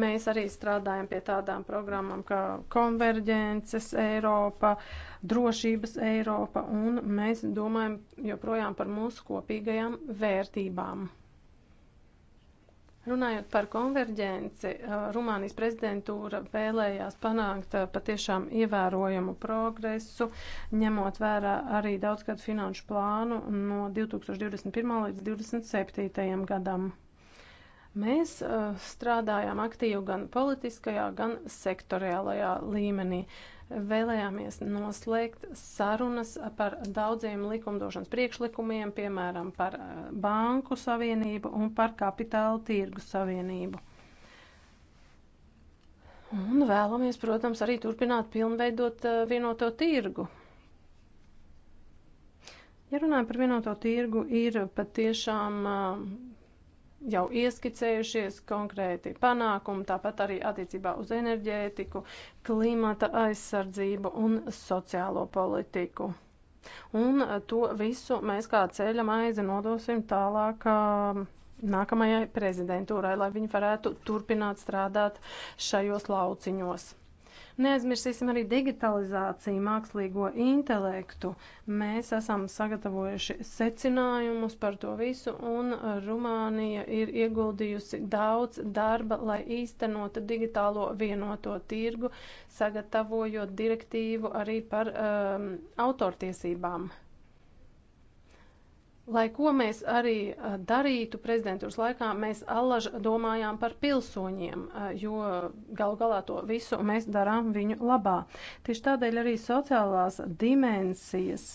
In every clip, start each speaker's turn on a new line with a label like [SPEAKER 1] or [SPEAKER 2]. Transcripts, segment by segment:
[SPEAKER 1] Mēs arī strādājam pie tādām programmām kā konverģences Eiropa, drošības Eiropa, un mēs domājam joprojām par mūsu kopīgajām vērtībām. Runājot par konverģenci, eh, Rumānijas prezidentūra vēlējās panākt eh, patiešām ievērojamu progresu, ņemot vērā arī daudzgadu finanšu plānu no 2021. līdz 2027. gadam. Mēs uh, strādājām aktīvi gan politiskajā, gan sektoriālajā līmenī. Vēlējāmies noslēgt sarunas par daudziem likumdošanas priekšlikumiem, piemēram, par banku savienību un par kapitāla tirgu savienību. Un vēlamies, protams, arī turpināt pilnveidot uh, vienoto tirgu. Ja runājam par vienoto tirgu, ir patiešām uh, jau ieskicējušies konkrēti panākumi, tāpat arī attiecībā uz enerģētiku, klimata aizsardzību un sociālo politiku. Un eh, to visu mēs kā ceļa maizi nodosim tālāk eh, nākamajai prezidentūrai, lai viņi varētu turpināt strādāt šajos lauciņos. Neaizmirsīsim arī digitalizāciju, mākslīgo intelektu. Mēs esam sagatavojuši secinājumus par to visu, un Rumānija ir ieguldījusi daudz darba, lai īstenotu digitālo vienoto tirgu, sagatavojot direktīvu arī par um, autortiesībām. Lai ko mēs arī darītu prezidentūras laikā, mēs allaž domājām par pilsoņiem, jo gal galā to visu mēs darām viņu labā. Tieši tādēļ arī sociālās dimensijas,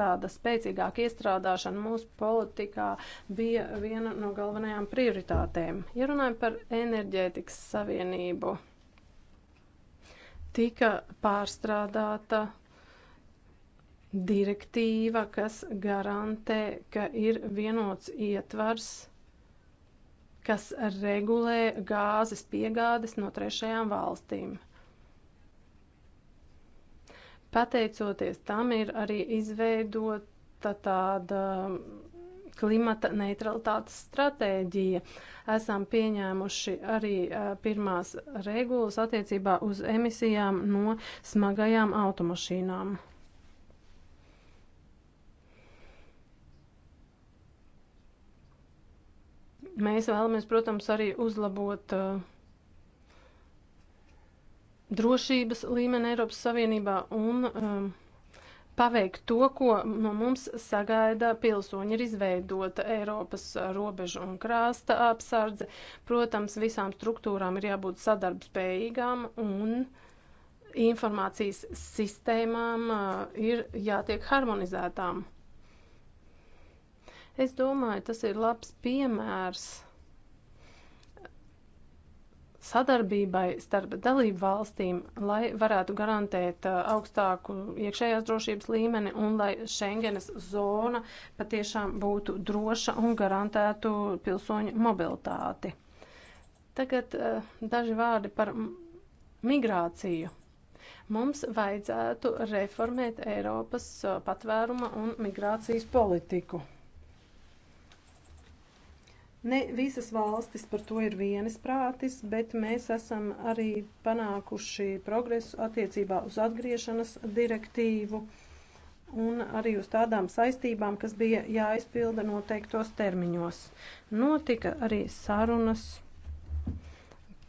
[SPEAKER 1] tāda spēcīgāka iestrādāšana mūsu politikā bija viena no galvenajām prioritātēm. Ja runājam par enerģētikas savienību, tika pārstrādāta direktīva, kas garantē, ka ir vienots ietvars, kas regulē gāzes piegādes no trešajām valstīm. Pateicoties tam, ir arī izveidota tāda klimata neutralitātes stratēģija. Esam pieņēmuši arī pirmās regulas attiecībā uz emisijām no smagajām automašīnām. Mēs vēlamies, protams, arī uzlabot uh, drošības līmeni Eiropas Savienībā un um, paveikt to, ko no mums sagaida pilsoņi. Ir izveidota Eiropas robeža un krāsta apsardze. Protams, visām struktūrām ir jābūt sadarbspējīgām un informācijas sistēmām uh, ir jātiek harmonizētām. Es domāju, tas ir labs piemērs sadarbībai starp dalību valstīm, lai varētu garantēt uh, augstāku iekšējās drošības līmeni un lai Schengenes zona patiešām būtu droša un garantētu pilsoņu mobilitāti. Tagad uh, daži vārdi par migrāciju. Mums vajadzētu reformēt Eiropas uh, patvēruma un migrācijas politiku. Ne visas valstis par to ir vienisprātis, bet mēs esam arī panākuši progresu attiecībā uz atgriešanas direktīvu un arī uz tādām saistībām, kas bija jāizpilda noteiktos termiņos. Notika arī sarunas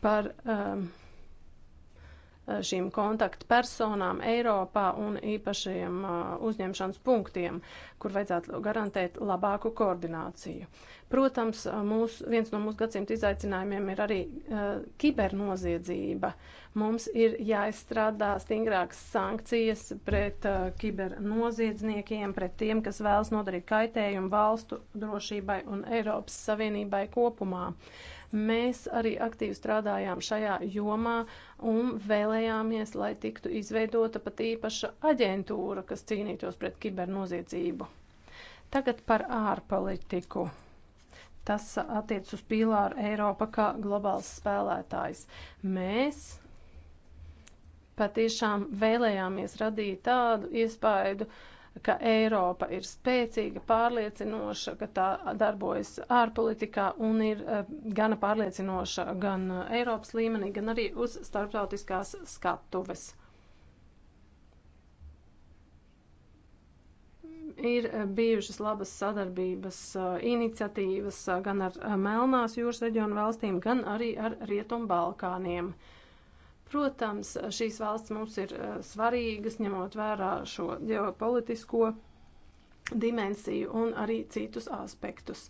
[SPEAKER 1] par um, Eh, šīm kontaktpersonām Eiropā un īpašiem eh, uzņemšanas punktiem, kur vajadzētu garantēt labāku koordināciju. Protams, eh, mūs, viens no mūsu gadsimta izaicinājumiem ir arī uh, kibernoziedzība. Mums ir jāizstrādā stingrākas sankcijas pret uh, kibernoziedzniekiem, pret tiem, kas vēlas nodarīt kaitējumu valstu drošībai un Eiropas Savienībai kopumā. Uh, Mēs arī aktīvi strādājām šajā jomā un vēlējāmies, lai tiktu izveidota pat īpaša aģentūra, kas cīnītos pret kibernoziedzību. Tagad par ārpolitiku. Tas attiec uz pīlāru Eiropa kā globāls spēlētājs. Mēs patiešām vēlējāmies radīt tādu iespaidu, uh, ka Eiropa ir spēcīga, pārliecinoša, ka tā darbojas ārpolitikā un ir eh, gana pārliecinoša gan eh, Eiropas līmenī, gan arī uz starptautiskās skatuves. ir eh, bijušas labas sadarbības iniciatīvas gan ar Melnās jūras reģionu valstīm, gan arī ar Rietumu Balkāniem. Uh, Protams, šīs valsts mums ir eh, svarīgas, ņemot vērā šo ģeopolitisko dimensiju un arī citus aspektus.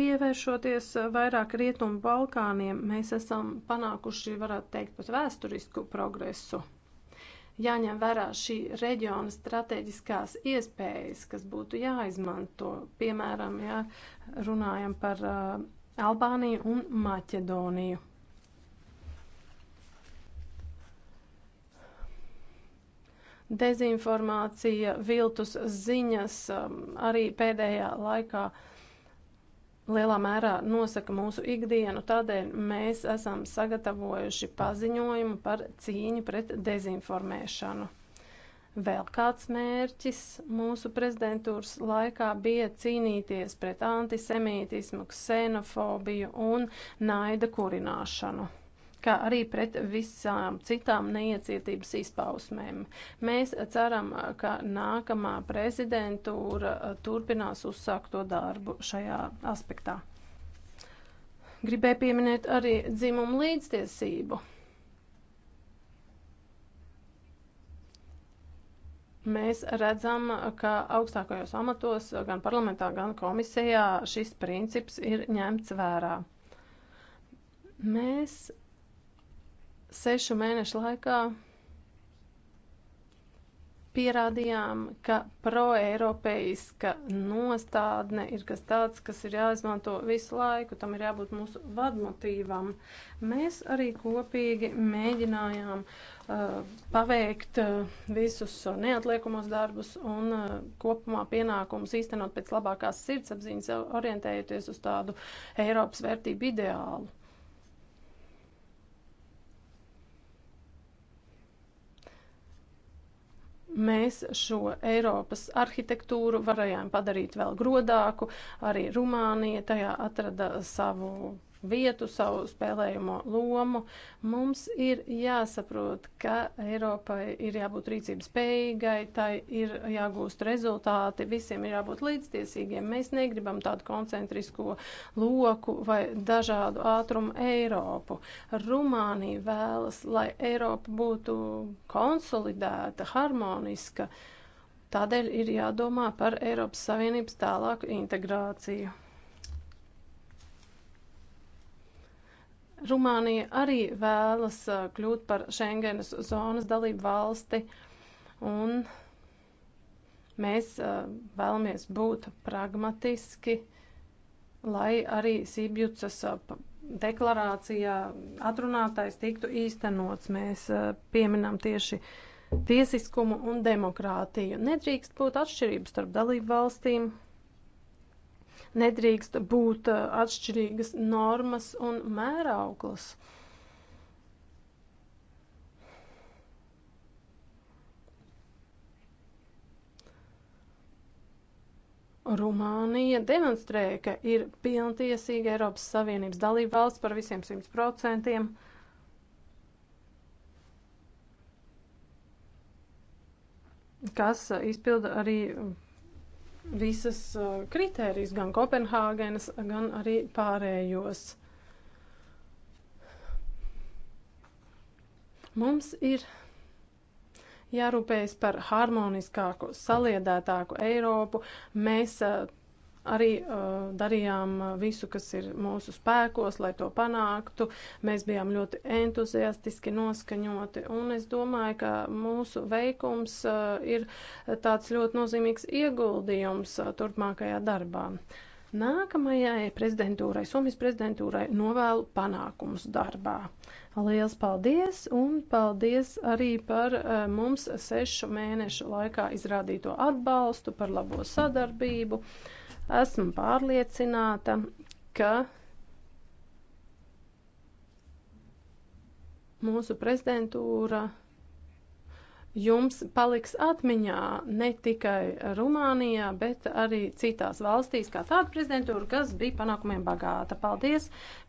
[SPEAKER 1] Pievēršoties eh, vairāk rietumu Balkāniem, mēs esam panākuši, varētu teikt, pat vēsturisku progresu. Jāņem vērā šī reģiona strateģiskās iespējas, kas būtu jāizmanto, piemēram, ja runājam par uh, Albāniju un Maķedoniju. dezinformācija, viltus ziņas um, arī pēdējā laikā lielā mērā nosaka mūsu ikdienu. Tādēļ mēs esam sagatavojuši paziņojumu par cīņu pret dezinformēšanu. Vēl kāds mērķis mūsu prezidentūras laikā bija cīnīties pret antisemītismu, ksenofobiju un naida kurināšanu kā arī pret visām citām neiecietības izpausmēm. Mēs ceram, ka nākamā prezidentūra turpinās uzsākto darbu šajā aspektā. Gribēju pieminēt arī dzimumu līdztiesību. Mēs redzam, ka augstākajos amatos, gan parlamentā, gan komisijā, šis princips ir ņemts vērā. Mēs sešu mēnešu laikā pierādījām, ka proeiropeiska nostādne ir kas tāds, kas ir jāizmanto visu laiku, tam ir jābūt mūsu vadmotīvam. Mēs arī kopīgi mēģinājām uh, paveikt uh, visus neatliekamos darbus un uh, kopumā pienākumus īstenot pēc labākās sirdsapziņas, orientējoties uz tādu Eiropas vērtību ideālu. mēs šo Eiropas arhitektūru varējām padarīt vēl grodāku, arī Rumānija tajā atrada savu vietu, savu spēlējumu lomu. Mums ir jāsaprot, ka Eiropai ir jābūt rīcības spējīgai, tai ir jāgūst rezultāti, visiem ir jābūt līdztiesīgiem. Mēs negribam tādu koncentrisko loku vai dažādu ātrumu Eiropu. Rumānija vēlas, lai Eiropa būtu konsolidēta, harmoniska. Tādēļ ir jādomā par Eiropas Savienības tālāku integrāciju. Rumānija arī vēlas uh, kļūt par Schengenas zonas dalību valsti, un mēs uh, vēlamies būt pragmatiski, lai arī Sibjucas uh, deklarācijā atrunātais tiktu īstenots. Mēs pieminam tieši tiesiskumu un demokrātiju. Nedrīkst būt atšķirības starp dalību valstīm nedrīkst būt uh, atšķirīgas normas un mērauklas. Rumānija demonstrēja, ka ir pilntiesīga Eiropas Savienības dalība valsts par visiem 100%. kas uh, izpilda arī visas uh, kritērijas, gan Kopenhāgenes, gan arī pārējos. Mums ir jārūpējas par harmoniskāku, saliedētāku Eiropu. Mēs uh, arī uh, darījām uh, visu, kas ir mūsu spēkos, lai to panāktu. Mēs bijām ļoti entuziastiski noskaņoti, un es domāju, ka mūsu veikums uh, ir tāds ļoti nozīmīgs ieguldījums uh, turpmākajā darbā. Nākamajai prezidentūrai, Somijas prezidentūrai, novēlu panākumus darbā. Liels paldies un paldies arī par uh, mums sešu mēnešu laikā izrādīto atbalstu, par labo sadarbību. Uh, Esmu pārliecināta, ka mūsu prezidentūra jums paliks atmiņā ne tikai Rumānijā, bet arī citās valstīs, kā tāda prezidentūra, kas bija panākumiem bagāta. Paldies!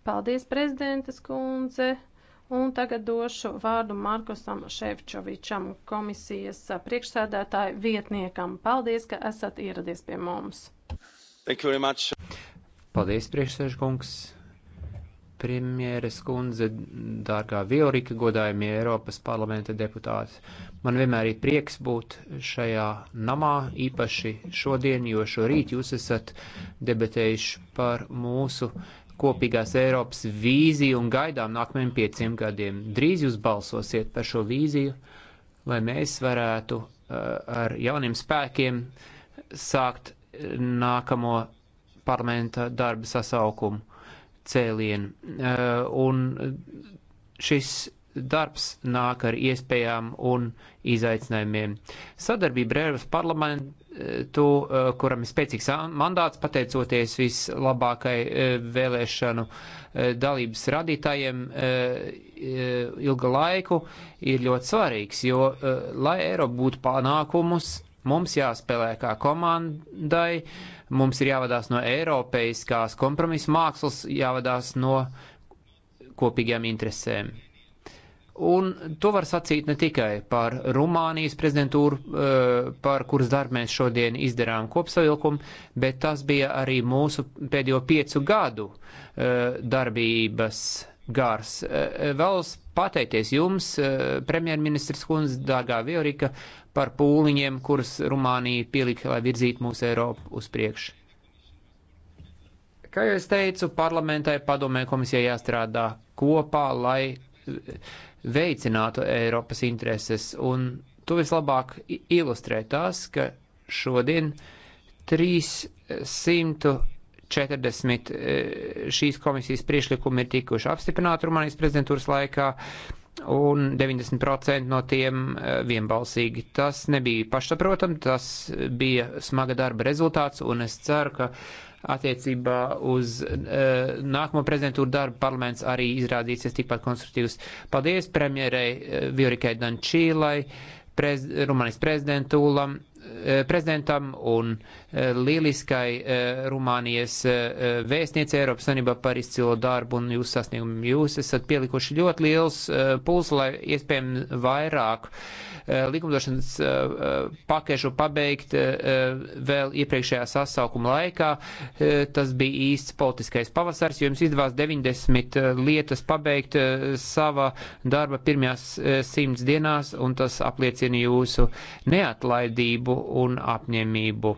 [SPEAKER 1] Paldies, prezidentas kundze! Un tagad došu vārdu Markusam Ševčovičam, komisijas priekšsēdētāju vietniekam. Paldies, ka esat ieradies pie mums!
[SPEAKER 2] Paldies, priekšsēžkungs, premjeras kundze, dārgā Viorika, godājumie Eiropas parlamenta deputāti. Man vienmēr ir prieks būt šajā namā, īpaši šodien, jo šorīt jūs esat debatējuši par mūsu kopīgās Eiropas vīziju un gaidām nākamajiem pieciem gadiem. Drīz jūs balsosiet par šo vīziju, lai mēs varētu uh, ar jauniem spēkiem sākt nākamo parlamenta darba sasaukumu cēlienu. Eh, un šis darbs nāk ar iespējām un izaicinājumiem. Sadarbība ar Eiropas parlamentu, eh, kuram ir spēcīgs mandāts, pateicoties vislabākai eh, vēlēšanu dalības radītājiem ilga laiku, ir ļoti svarīgs, jo, lai Eiropa būtu panākumus, Mums jāspēlē kā komandai, mums ir jāvadās no eiropeiskās kompromisa mākslas, jāvadās no kopīgām interesēm. Un to var sacīt ne tikai par Rumānijas prezidentūru, eh, par kuras darbu mēs šodien izdarām kopsavilkumu, bet tas bija arī mūsu pēdējo piecu gadu eh, darbības gars. Eh, Vēlos pateikties jums, eh, premjerministrs Kunz, dārgā Viorika, par pūliņiem, kurus Rumānija pielika, lai virzītu mūsu Eiropu uz priekšu. Kā jau es teicu, parlamentai padomē komisijai jāstrādā kopā, lai eh, veicinātu Eiropas intereses, un to vislabāk ilustrē tās, ka šodien 300 40 e, šīs komisijas priešlikumi ir tikuši apstiprināti Rumānijas prezidentūras laikā un 90% no tiem e, vienbalsīgi. Tas nebija pašsaprotam, tas bija smaga darba rezultāts, un es ceru, ka attiecībā uz uh, nākamo prezidentūru darbu parlaments arī izrādīsies tikpat konstruktīvs. Paldies premjerai uh, Viorikai Dančīlai, prez, Rumānijas prezidentūlam, uh, prezidentam un uh, Eh, lieliskai eh, Rumānijas eh, vēstniece Eiropas Sanībā par izcilo darbu un jūsu sasniegumu. Jūs esat pielikuši ļoti liels puls, lai iespējami vairāk likumdošanas pakešu pabeigt vēl iepriekšējā sasaukuma laikā. Tas bija īsts politiskais pavasars, jo jums izdevās 90 lietas pabeigt sava darba pirmajās simts dienās, un tas apliecina jūsu neatlaidību un apņemību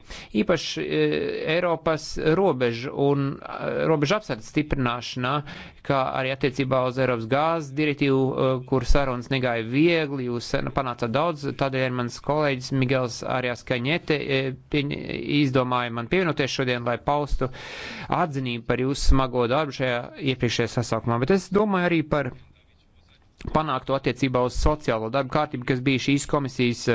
[SPEAKER 2] īpaši e, Eiropas robežu un e, robežu apsardzes stiprināšanā, kā arī attiecībā uz Eiropas gāzes direktīvu, e, kur sarunas negāja viegli, jūs nu, panācāt daudz, tādēļ mans kolēģis Migels Arias Kaņete izdomāja man pievienoties šodien, lai paustu atzinību par jūsu smago darbu šajā iepriekšējā sasaukumā. Bet es domāju arī par panākto attiecībā uz sociālo darbu kārtību, kas bija šīs komisijas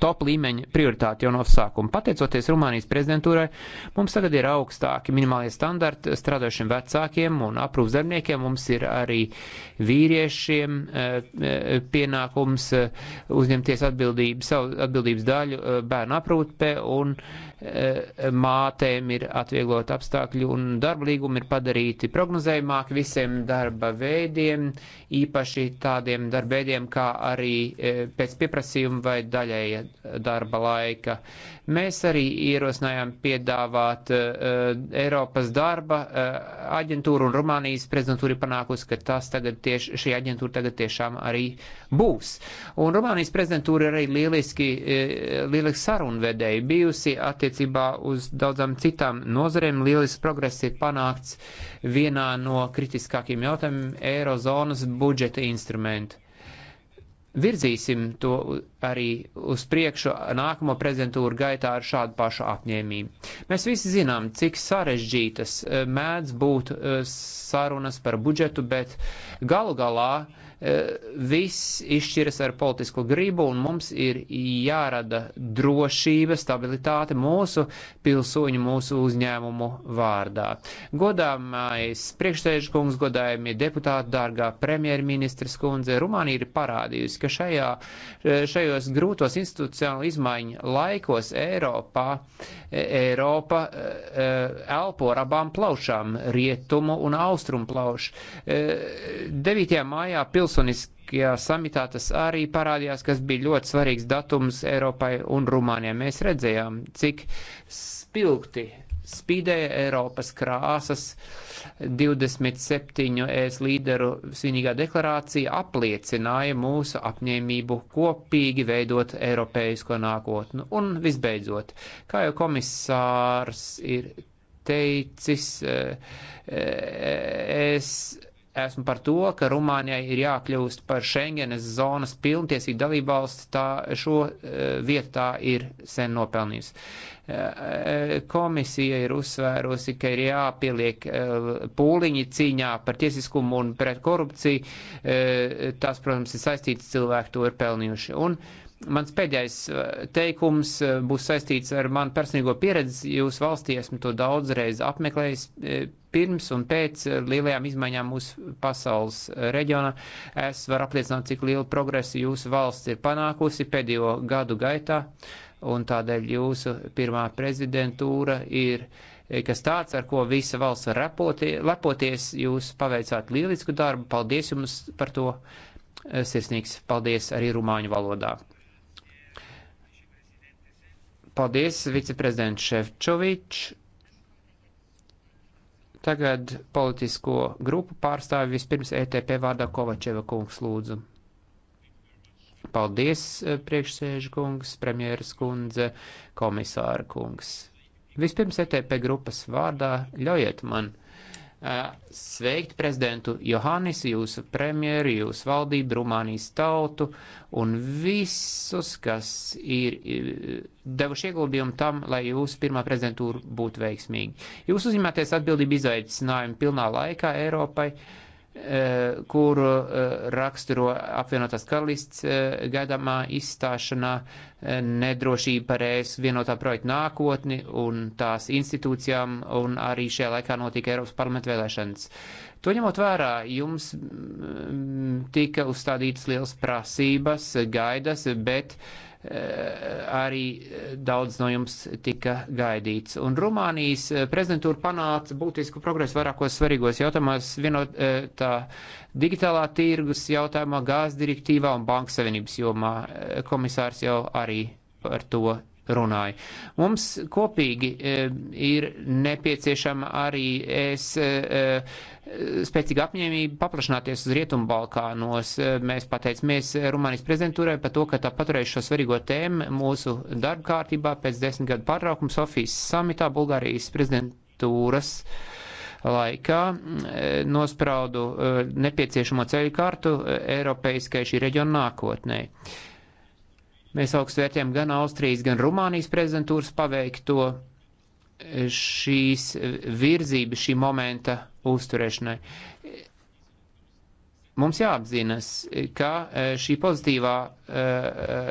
[SPEAKER 2] top līmeņa prioritāti jau no sākuma. Pateicoties Rumānijas prezidentūrai, mums tagad ir augstāki minimālie standarti strādājušiem vecākiem un aprūpas darbiniekiem. Mums ir arī vīriešiem eh, eh, pienākums eh, uzņemties atbildību, savu atbildības daļu bērnu aprūpē un mātēm ir atvieglot apstākļi un darba līgumi ir padarīti prognozējumāki visiem darba veidiem, īpaši tādiem darba veidiem kā arī pēc pieprasījuma vai daļai pie darba laika. Mēs arī ierosinājām piedāvāt uh, Eiropas darba uh, aģentūru un Rumānijas prezidentūra ir panākusi, ka tas tagad tieši, šī aģentūra tagad tiešām arī būs. Un Rumānijas prezidentūra ir arī lieliski, uh, lieliski sarunvedēji bijusi attiecībā uz daudzām citām nozarēm. Lielisks progress ir panākts vienā no kritiskākajiem jautājumiem - Eirozonas budžeta instrumentu virzīsim to arī uz priekšu nākamo prezidentūru gaitā ar šādu pašu apņēmību. Mēs visi zinām, cik sarežģītas eh, mēdz būt eh, sarunas par budžetu, bet galu galā Eh, viss izšķiras ar politisko gribu, un mums ir jārada drošība, stabilitāte mūsu pilsoņu, mūsu uzņēmumu vārdā. Godāmais priekšsēžu kungs, godājumie deputāti, dārgā premjerministras kundze, Rumānija ir parādījusi, ka šajā, eh, šajos grūtos institucionālu izmaiņu laikos Eiropā, eh, Eiropa elpo ar abām plaušām - rietumu un austrumu plaušu. 9. mājā pils pilsoniskajā samitā tas arī parādījās, kas bija ļoti svarīgs datums Eiropai un Rumānijai. Mēs redzējām, cik spilgti spīdēja Eiropas krāsas 27 ES līderu svinīgā deklarācija apliecināja mūsu apņēmību kopīgi veidot eiropeisko nākotnu. Un visbeidzot, kā jau komisārs ir teicis, eh, eh, es esmu par to, ka Rumānijai ir jākļūst par Schengenes zonas pilntiesīgu dalībvalsti, tā šo eh, vietu tā ir sen nopelnījusi. Eh, eh, komisija ir uzsvērusi, ka ir jāpieliek pūliņi cīņā par tiesiskumu un pret korupciju. Tas, protams, ir saistīts cilvēki, to ir pelnījuši. Un, uh, Mans pēdējais uh, teikums uh, būs saistīts ar manu personīgo pieredzi. Jūs valstī esmu to daudzreiz apmeklējis uh, pirms un pēc lielajām izmaiņām mūsu pasaules reģionā. Es varu apliecināt, cik lielu progresu jūsu valsts ir panākusi pēdējo gadu gaitā, un tādēļ jūsu pirmā prezidentūra ir kas tāds, ar ko visa valsts var repoti, lepoties. Jūs paveicāt lielisku darbu, paldies jums par to. Sirsnīgs paldies arī rumāņu valodā. Paldies, viceprezidents Ševčovičs. Tagad politisko grupu pārstāvi vispirms ETP vārdā Kovačeva kungs lūdzu. Paldies, eh, priekšsēžu kungs, premjeras kundze, komisāra kungs. Vispirms ETP grupas vārdā ļaujiet man sveikt prezidentu Johannis, jūsu premjeru, jūsu valdību, Rumānijas tautu un visus, kas ir devuši ieguldījumu tam, lai jūsu pirmā prezidentūra būtu veiksmīga. Jūs uzņematies atbildību izaicinājumu pilnā laikā Eiropai. Uh, Eh, kuru eh, raksturo apvienotās karalists eh, gaidāmā izstāšanā nedrošība par ES vienotā projekta nākotni un tās institūcijām, un arī šajā laikā notika Eiropas parlamenta vēlēšanas. To ņemot vērā, jums mm, tika uzstādītas liels prasības, gaidas, bet uh, Eh, arī eh, daudz no jums tika gaidīts. Un Rumānijas eh, prezidentūra panāca būtisku progresu vairākos svarīgos jautājumos, vienotā digitālā tirgus jautājumā, gāzes direktīvā un bankas savienības jomā. Komisārs jau arī par to runāja. Mums kopīgi e, ir nepieciešama arī es e, e, spēcīga apņēmība paplašināties uz Rietumu Balkānos. Mēs pateicamies Rumānijas prezidentūrai par to, ka tā paturēs šo svarīgo tēmu mūsu darba kārtībā pēc desmit gadu pārtraukuma Sofijas samitā Bulgārijas prezidentūras laikā nospraudu nepieciešamo ceļu kartu Eiropeiskai šī reģiona nākotnē. Mēs augstvērtējam gan Austrijas, gan Rumānijas prezidentūras paveikto šīs virzības, šī momenta uzturēšanai. Mums jāapzinas, ka eh, šī pozitīvā eh,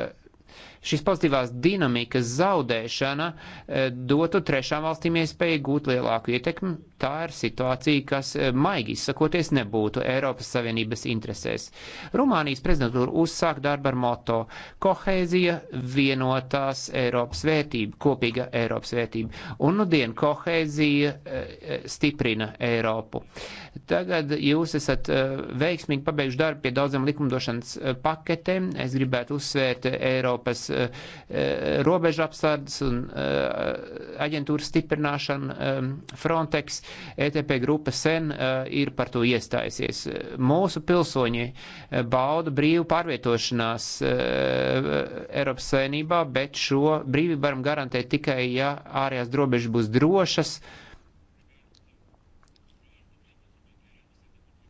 [SPEAKER 2] šīs pozitīvās dinamikas zaudēšana eh, dotu trešām valstīm iespēju gūt lielāku ietekmi. Tā ir situācija, kas eh, maigi izsakoties nebūtu Eiropas Savienības interesēs. Rumānijas prezidentūra uzsāk darbu ar moto - kohēzija, vienotās Eiropas vērtība, kopīga Eiropas vērtība. Un nu dien kohēzija eh, stiprina Eiropu. Uh, Tagad jūs esat eh, veiksmīgi pabeiguši darbu pie daudziem likumdošanas eh, paketēm. Es gribētu uzsvērt eh, Eiropas robežu apsardzes un aģentūras stiprināšanu Frontex. ETP grupa sen ir par to iestājusies. Mūsu pilsoņi bauda brīvu pārvietošanās Eiropas savienībā, bet šo brīvību varam garantēt tikai, ja ārējās robežas būs drošas. Uh,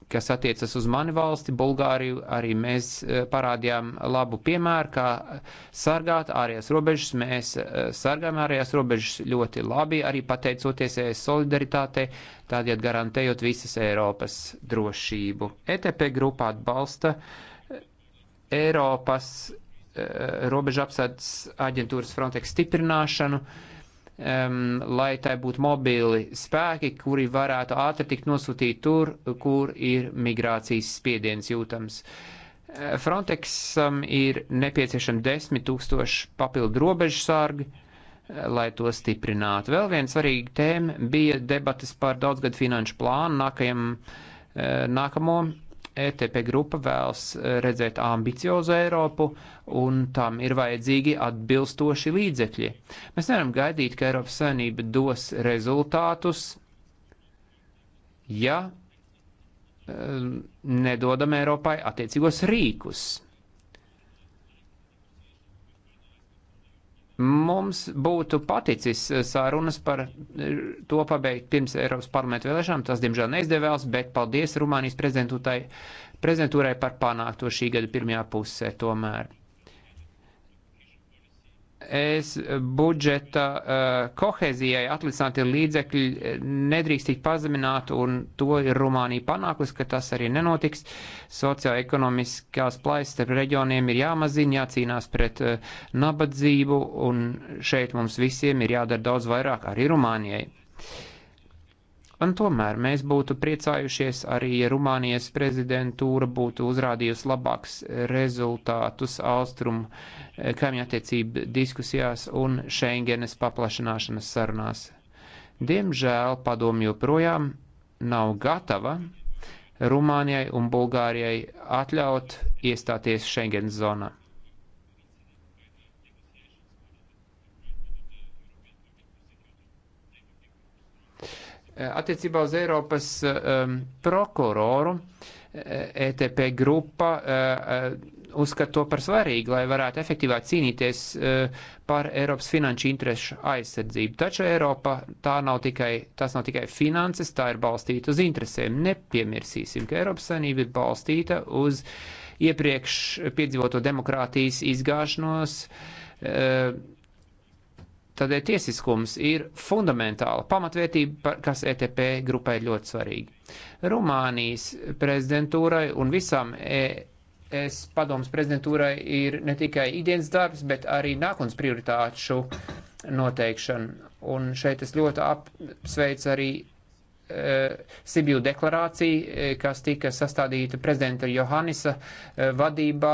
[SPEAKER 2] kas attiecas uz mani valsti, Bulgāriju, arī mēs eh, parādījām labu piemēru, kā sargāt ārējās robežas. Mēs eh, sargājam ārējās robežas ļoti labi, arī pateicoties ES solidaritātei, tādējādi garantējot visas Eiropas drošību. ETP grupā atbalsta eh, Eiropas robežu apsardzes aģentūras Frontex stiprināšanu. Uh, um, lai tai būtu mobili spēki, kuri varētu ātri tikt nosūtīti tur, kur ir migrācijas spiediens jūtams. Uh, Frontexam ir nepieciešami desmit tūkstoši papildu robežu sārgi, uh, lai to stiprinātu. Vēl viena svarīga tēma bija debatas par daudzgadu finanšu plānu nākajam, uh, nākamo ETP grupa vēlas eh, redzēt ambiciozu Eiropu, un tam ir vajadzīgi atbilstoši līdzekļi. Mēs nevaram gaidīt, ka Eiropas Savienība dos rezultātus, ja eh, nedodam Eiropai attiecīgos rīkus. mums būtu paticis eh, sārunas par eh, to pabeigt pirms Eiropas parlamenta vēlēšanām. Tas, diemžēl, neizdevās, bet paldies Rumānijas prezidentūrai par panākto šī gada pirmajā pusē tomēr es budžeta uh, eh, kohezijai atlicinātie līdzekļi eh, nedrīkst tikt pazemināti, un to ir Rumānija panākusi, ka tas arī nenotiks. Socioekonomiskās plaisas starp reģioniem ir jāmazina, jācīnās pret uh, nabadzību, un šeit mums visiem ir jādara daudz vairāk arī Rumānijai. Un tomēr mēs būtu priecājušies arī, ja Rumānijas prezidentūra būtu uzrādījusi labāks rezultātus austrumu eh, kaimiņu attiecību diskusijās un Schengenes paplašanāšanas sarunās. Diemžēl padomju joprojām nav gatava Rumānijai un Bulgārijai atļaut iestāties Schengen zonā. Eh, attiecībā uz Eiropas um, prokuroru ETP eh, e grupa uh, uzskata to par svarīgu, lai varētu efektīvāk cīnīties uh, par Eiropas finanšu interesu aizsardzību. Taču Eiropa tā nav tikai, tas nav tikai finanses, tā ir balstīta uz interesēm. Nepiemirsīsim, ka Eiropas saimnība ir balstīta uz iepriekš piedzīvoto demokrātijas izgāšanos. Uh, Tādēļ tiesiskums ir fundamentāla pamatvērtība, kas ETP grupai ir ļoti svarīga. Rumānijas prezidentūrai un visam ES padomas prezidentūrai ir ne tikai ikdienas darbs, bet arī nākotnes prioritāšu noteikšana. Un šeit es ļoti apsveicu arī Eh, Sibiju deklarācija, eh, kas tika sastādīta prezidenta Johannisa eh, vadībā,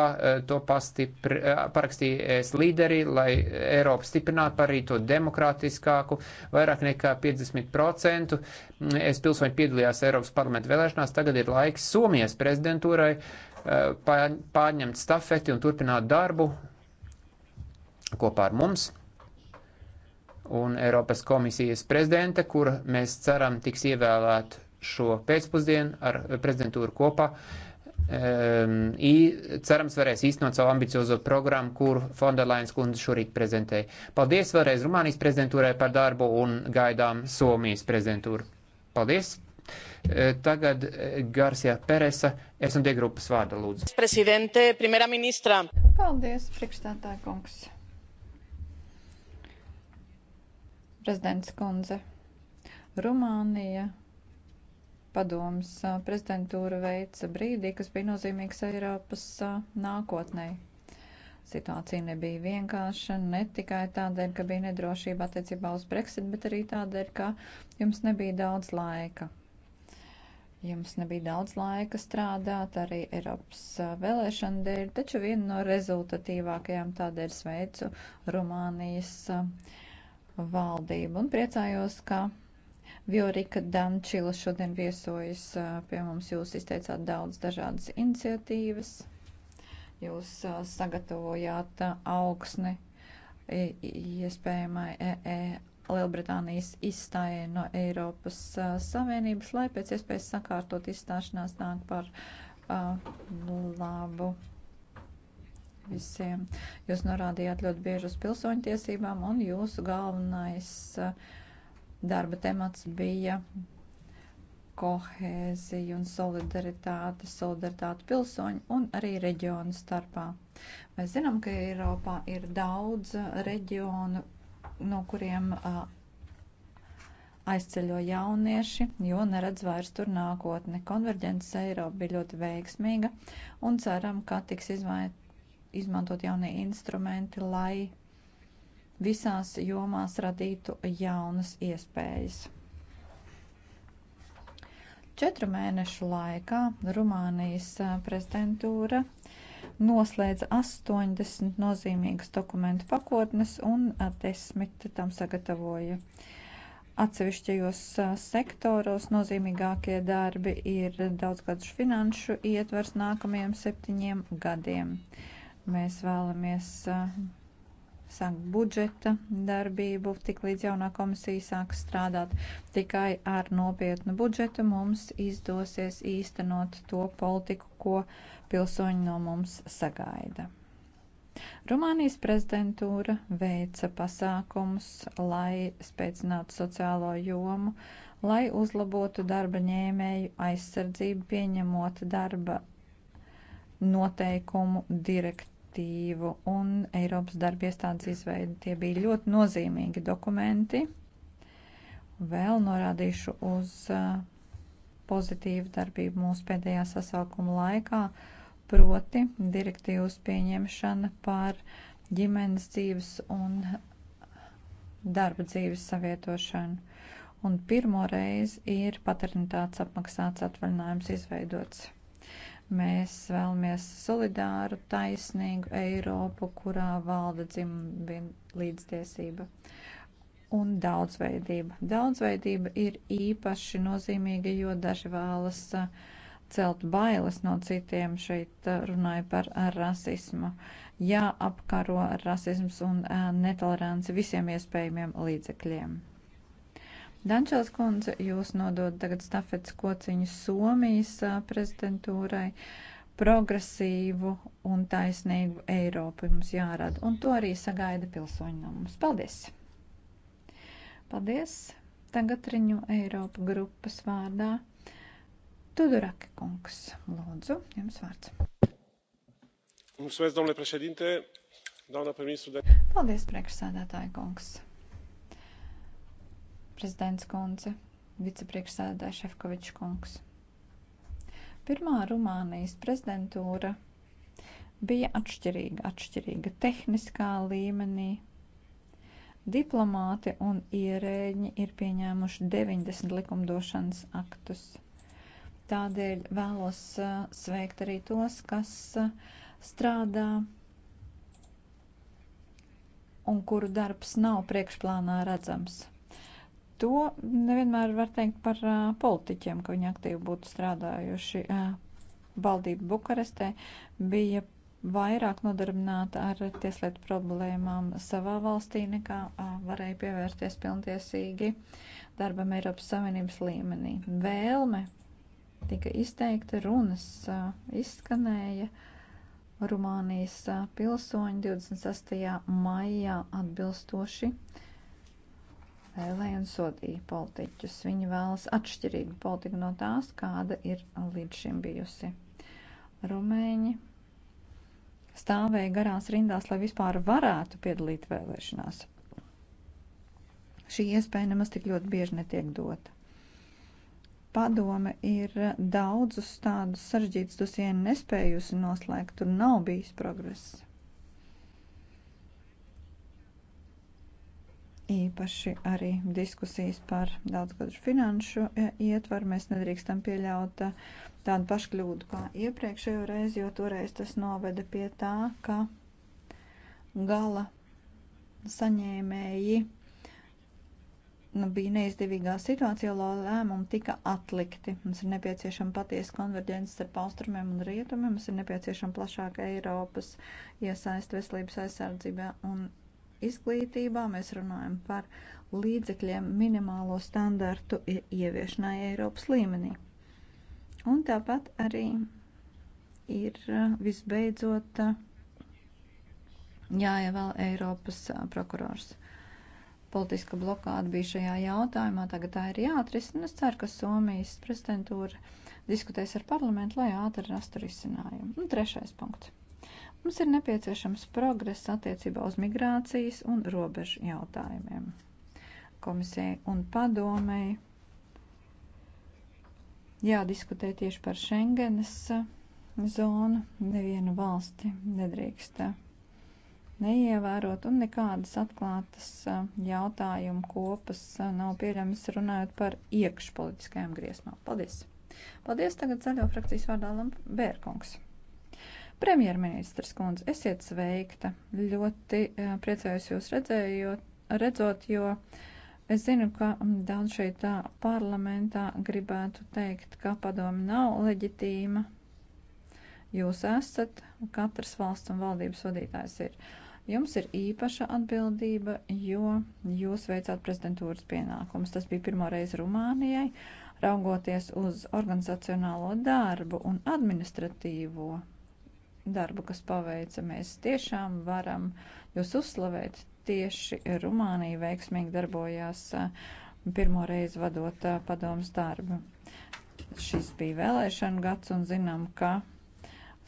[SPEAKER 2] to pastipr, parakstīja es līderi, lai Eiropu stiprinātu, padarītu to demokrātiskāku. Vairāk nekā 50% mm, es pilsoņi piedalījās Eiropas parlamenta vēlēšanās, tagad ir laiks Somijas prezidentūrai pārņemt stafeti un turpināt darbu kopā ar mums un Eiropas komisijas prezidenta, kura mēs ceram tiks ievēlēt šo pēcpusdienu ar prezidentūru kopā. Um, i, cerams, varēs īstenot savu ambiciozo programmu, kur Fonda Lainas kundze šorīt prezentēja. Paldies vēlreiz Rumānijas prezidentūrai par darbu un gaidām Somijas prezidentūru. Paldies! E, tagad e, Garcia Peresa, S&D grupas vārda lūdzu.
[SPEAKER 3] Paldies, priekšstādā kungs! Prezidents kundze, Rumānija padomas prezidentūra veica brīdī, kas bija nozīmīgs Eiropas nākotnei. Situācija nebija vienkārša ne tikai tādēļ, ka bija nedrošība attiecībā uz Brexit, bet arī tādēļ, ka jums nebija daudz laika. Jums nebija daudz laika strādāt arī Eiropas vēlēšana dēļ, taču viena no rezultatīvākajām tādēļ sveicu Rumānijas valdību un priecājos, ka Viorika Dančila šodien viesojas pie mums. Jūs izteicāt daudz dažādas iniciatīvas, jūs sagatavojāt augsni iespējamai EE Lielbritānijas izstājai no Eiropas uh, Savienības, lai pēc iespējas sakārtot izstāšanās nāk par uh, labu visiem. Jūs norādījāt ļoti bieži uz pilsoņtiesībām, un jūsu galvenais uh, darba temats bija kohēzija un solidaritāte, solidaritāte pilsoņu un arī reģionu starpā. Mēs zinām, ka Eiropā ir daudz uh, reģionu, no kuriem uh, aizceļo jaunieši, jo neredz vairs tur nākotni. Konverģences Eiropa bija ļoti veiksmīga un ceram, ka tiks izvai, izmantot jaunie instrumenti, lai visās jomās radītu jaunas iespējas. Četru mēnešu laikā Rumānijas prezidentūra noslēdza 80 nozīmīgas dokumentu pakotnes un desmit tam sagatavoja. Atsevišķajos sektoros nozīmīgākie darbi ir daudzgadšu finanšu ietvers nākamajiem septiņiem gadiem. Uh, Mēs vēlamies uh, sākt budžeta darbību, tik līdz jaunā komisija sāks strādāt. Tikai ar nopietnu budžetu mums izdosies īstenot to politiku, ko pilsoņi no mums sagaida. Rumānijas prezidentūra veica pasākumus, lai spēcinātu sociālo jomu, lai uzlabotu darba ņēmēju aizsardzību, pieņemot darba noteikumu direktīvu un Eiropas darba iestādes izveidi. Tie bija ļoti nozīmīgi dokumenti. Vēl norādīšu uz pozitīvu darbību mūsu pēdējā sasaukuma laikā, proti direktīvas pieņemšana par ģimenes dzīves un darba dzīves savietošanu. Un pirmo reizi ir paternitātes apmaksāts atvaļinājums izveidots. Mēs vēlamies solidāru, taisnīgu Eiropu, kurā valda dzimuma līdztiesība un daudzveidība. Daudzveidība ir īpaši nozīmīga, jo daži vēlas uh, celt bailes no citiem. Šeit uh, runāja par uh, rasismu. Jāapkaro rasisms un netolerants visiem iespējamiem līdzekļiem. Dančels kundze, jūs nodod tagad stafets kociņu Somijas prezidentūrai progresīvu un taisnīgu Eiropu mums jārada, un to arī sagaida pilsoņi no mums. Paldies! Paldies! Tagad riņu Eiropa grupas vārdā Tudoraki kungs. Lūdzu, jums vārds. Mulțumesc, domnule președinte, doamna prim-ministru. Paldies, priekšsēdētāji kungs prezidents kundze, vicepriekšsēdētāja Šefkovičs kungs. Pirmā Rumānijas prezidentūra bija atšķirīga, atšķirīga tehniskā līmenī. Diplomāti un ierēģi ir pieņēmuši 90 likumdošanas aktus. Tādēļ vēlos uh, sveikt arī tos, kas uh, strādā un kuru darbs nav priekšplānā redzams to nevienmēr var teikt par politiķiem, ka viņi aktīvi būtu strādājuši. Valdība Bukarestē bija vairāk nodarbināta ar tieslietu problēmām savā valstī nekā varēja pievērsties pilntiesīgi darbam Eiropas Savienības līmenī. Vēlme tika izteikta, runas izskanēja Rumānijas pilsoņi 26. maijā atbilstoši spēlē un sodīja politiķus. Viņi vēlas atšķirīgu politiku no tās, kāda ir līdz šim bijusi. Rumēņi stāvēja garās rindās, lai vispār varētu piedalīt vēlēšanās. Šī iespēja nemaz tik ļoti bieži netiek dota padome ir daudzus tādus sarežģītus dosienes nespējusi noslēgt, tur nav bijis progress. īpaši arī diskusijas par daudzgadu finanšu e, ietvaru. Mēs nedrīkstam pieļaut e, tādu pašu kļūdu kā iepriekšējo reizi, jo toreiz tas noveda pie tā, ka gala saņēmēji nu, bija neizdevīgā situācijā, lai lēmumi tika atlikti. Mums ir nepieciešama patiesa konverģence starp austrumiem un rietumiem, mums ir nepieciešama plašāka Eiropas iesaist veselības aizsardzībā un izglītībā, mēs runājam par līdzekļiem minimālo standartu ieviešanai Eiropas līmenī. Un tāpat arī ir eh, visbeidzot eh, jāievēl Eiropas eh, prokurors. Politiska blokāda bija šajā jautājumā, tagad tā ir jāatrisina. Es ceru, ka Somijas prezidentūra diskutēs ar parlamentu, lai ātri rastu risinājumu. Un trešais punkts. Mums ir nepieciešams progress attiecībā uz migrācijas un robežu jautājumiem. Komisijai un padomēji jādiskutē tieši par Schengenes zonu. Nevienu valsti nedrīkst neievērot un nekādas atklātas jautājumu kopas nav pieļams runājot par iekšpolitiskajām griesmām. Paldies! Paldies tagad zaļo frakcijas vārdā Lamp Bērkungs. Premjerministrs kundze, esiet sveikta. Ļoti eh, priecājos jūs redzējot, redzot, jo es zinu, ka daudz šeit tā parlamentā gribētu teikt, ka padomi nav leģitīma. Jūs esat, katrs valsts un valdības vadītājs ir. Jums ir īpaša atbildība, jo jūs veicāt prezidentūras pienākumus. Tas bija pirmo reizi Rumānijai, raugoties uz organizacionālo darbu un administratīvo darbu, kas paveica. Mēs tiešām varam jūs uzslavēt. Tieši Rumānija veiksmīgi darbojās eh, pirmo reizi vadot eh, padomus darbu. Šis bija vēlēšana gads un zinām, ka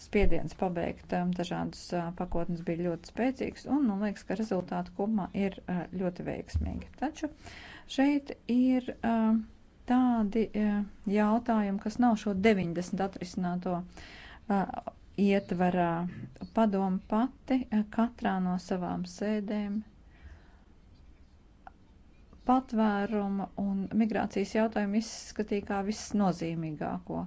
[SPEAKER 3] spiediens pabeigt eh, dažādas pakotnes bija ļoti spēcīgs un, man liekas, ka rezultāti kopumā ir ļoti veiksmīgi. Taču šeit ir tādi jautājumi, kas nav šo 90 atrisināto ietvarā. Padoma pati eh, katrā no savām sēdēm patvēruma un migrācijas jautājumu izskatīja kā visnozīmīgāko.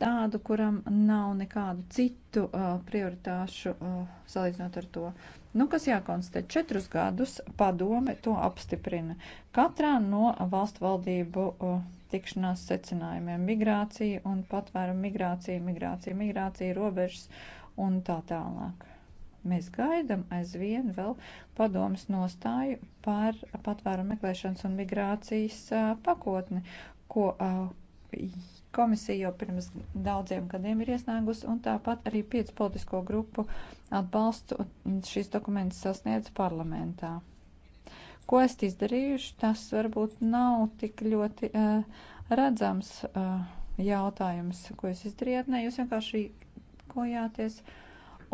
[SPEAKER 3] Tādu, kuram nav nekādu citu uh, prioritāšu uh, salīdzinot ar to. Nu, kas jākonstatē, četrus gadus padome to apstiprina. Katrā no valstu valdību uh, tikšanās secinājumiem migrācija un patvērumu migrācija, migrācija, migrācija, robežas un tā tālāk. Mēs gaidām aizvien vēl padomas nostāju par patvērumu meklēšanas un migrācijas pakotni, ko komisija jau pirms daudziem gadiem ir iesniegusi, un tāpat arī piec politisko grupu atbalstu šīs dokumentas sasniedz parlamentā ko esat izdarījuši, tas varbūt nav tik ļoti uh, redzams uh, jautājums, ko jūs izdarījāt. Nē, jūs vienkārši kojāties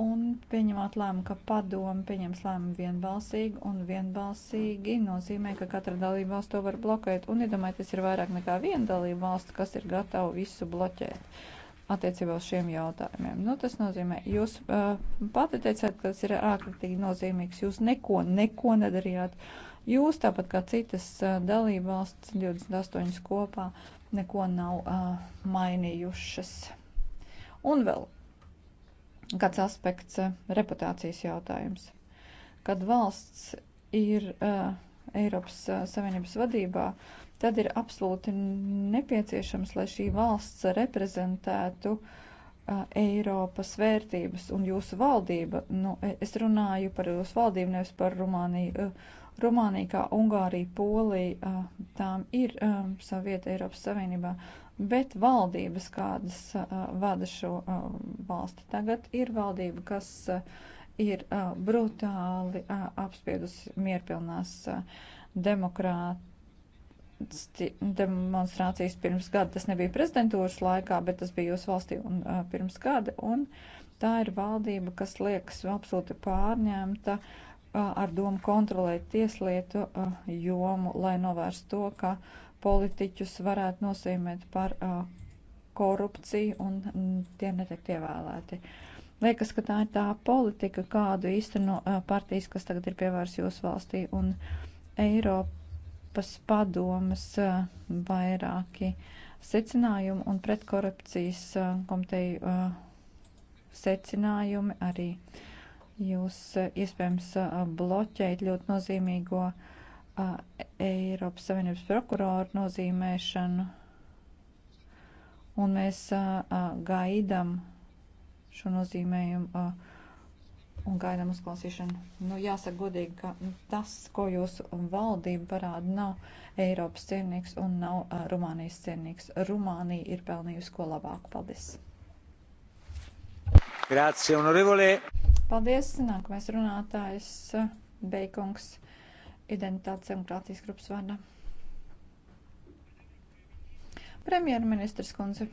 [SPEAKER 3] un pieņemāt lēmumu, ka padomu pieņems lēmumu vienbalsīgi, un vienbalsīgi nozīmē, ka katra dalība valsts to var blokēt. Un iedomājieties, ja ir vairāk nekā viena dalība valsts, kas ir gatava visu bloķēt attiecībā uz šiem jautājumiem. Nu, tas nozīmē, jūs uh, pati teicāt, ka tas ir ārkārtīgi nozīmīgs, jūs neko, neko nedarījāt. Uh, Jūs, tāpat kā citas dalībvalsts, 28 kopā, neko nav uh, mainījušas. Un vēl kāds aspekts - reputācijas jautājums. Kad valsts ir uh, Eiropas Savienības vadībā, tad ir absolūti nepieciešams, lai šī valsts reprezentētu uh, Eiropas vērtības un jūsu valdība. Nu, e, es runāju par jūsu valdību, nevis par Rumāniju, uh, Rumānija, kā Ungārija, Polija, tām ir sava vieta Eiropas Savienībā, bet valdības, kādas vada šo valsti tagad, ir valdība, kas ir brutāli apspiedusi mierpilnās demokrātijas demonstrācijas pirms gada. Tas nebija prezidentūras laikā, bet tas bija jūsu valstī un, uh, pirms gada. Un tā ir valdība, kas liekas absolūti pārņemta ar domu kontrolēt tieslietu jomu, lai novērstu to, ka politiķus varētu nosīmēt par korupciju un tie netiek ievēlēti. Liekas, ka tā ir tā politika, kādu īsteno partijas, kas tagad ir pievērs jūsu valstī un Eiropas padomas vairāki secinājumi un pretkorupcijas komiteju secinājumi arī. Uh, Jūs e, iespējams e, bloķējat ļoti nozīmīgo e, Eiropas Savienības prokuroru nozīmēšanu, un mēs gaidām šo nozīmējumu un gaidām uzklausīšanu. Nu, jāsaka godīgi, ka tas, ko jūsu valdība parāda, nav Eiropas cienīgs un nav uh, Rumānijas cienīgs. Rumānija ir pelnījusi ko labāku. Paldies!
[SPEAKER 2] Grazie, onorevole!
[SPEAKER 3] Paldies! Nākamais runātājs eh, Beikungs, identitātes demokrātijas grupas vārdā. Premjerministrs kundze,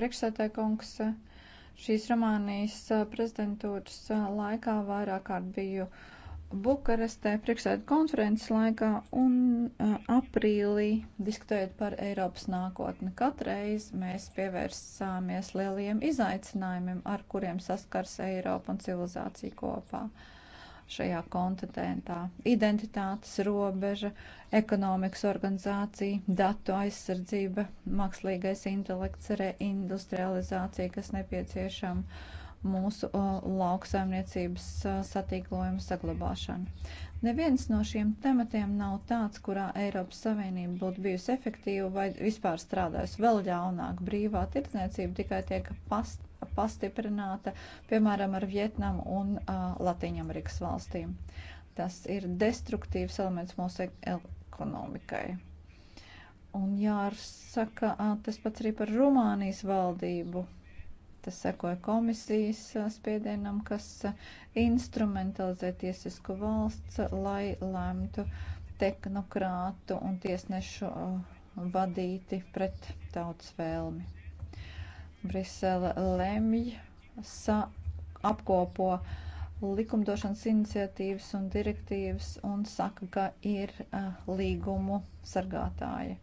[SPEAKER 3] priekšsētāja kungs, eh, šīs Romānijas eh, prezidentūras laikā vairāk kārt biju uh, Bukarestē priekšsēdu konferences laikā un uh, aprīlī diskutējot par Eiropas nākotni. Katreiz mēs pievērsāmies lieliem izaicinājumiem, ar kuriem saskars Eiropa un civilizācija kopā šajā kontinentā. Identitātes robeža, ekonomikas organizācija, datu aizsardzība, mākslīgais intelekts, reindustrializācija, kas nepieciešama mūsu lauksaimniecības satīklojuma saglabāšanu. Neviens no šiem tematiem nav tāds, kurā Eiropas Savienība būtu bijusi efektīva vai vispār strādājusi vēl ļaunāk. Brīvā tirdzniecība tikai tiek past, pastiprināta, piemēram, ar Vietnamu un uh, Latīņamerikas valstīm. Tas ir destruktīvs elements mūsu e-, ekonomikai. Un jāsaka, tas pats arī par Rumānijas valdību Tas sekoja komisijas uh, spiedienam, kas uh, instrumentalizē tiesisku valsts, uh, lai lemtu tehnokrātu un tiesnešu vadīti pret tautas vēlmi. Brisele lemj, sa, apkopo likumdošanas iniciatīvas un direktīvas un saka, ka ir uh, līgumu sargātāji.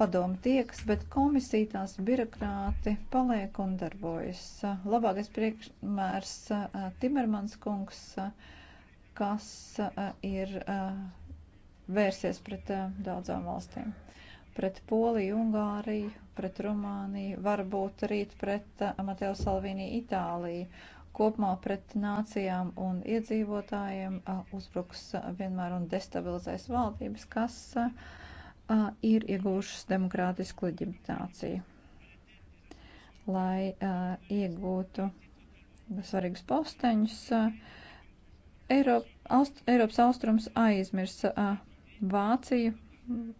[SPEAKER 3] Padomu tieks, bet komisija tās birokrāti paliek un darbojas. Labākais priekšmērs eh, Timermans kungs, eh, kas eh, ir vērsies pret daudzām valstīm. Pret Poliju, Ungāriju, pret Rumāniju, varbūt rīt pret Mateo Salvini Itāliju kopumā pret nācijām un iedzīvotājiem uzbruks vienmēr un destabilizēs valdības, kas uh, ir iegūšas demokrātisku leģimitāciju, lai uh, iegūtu svarīgus posteņus. Uh, Eiropa, aust, Eiropas austrums aizmirs uh, Vāciju,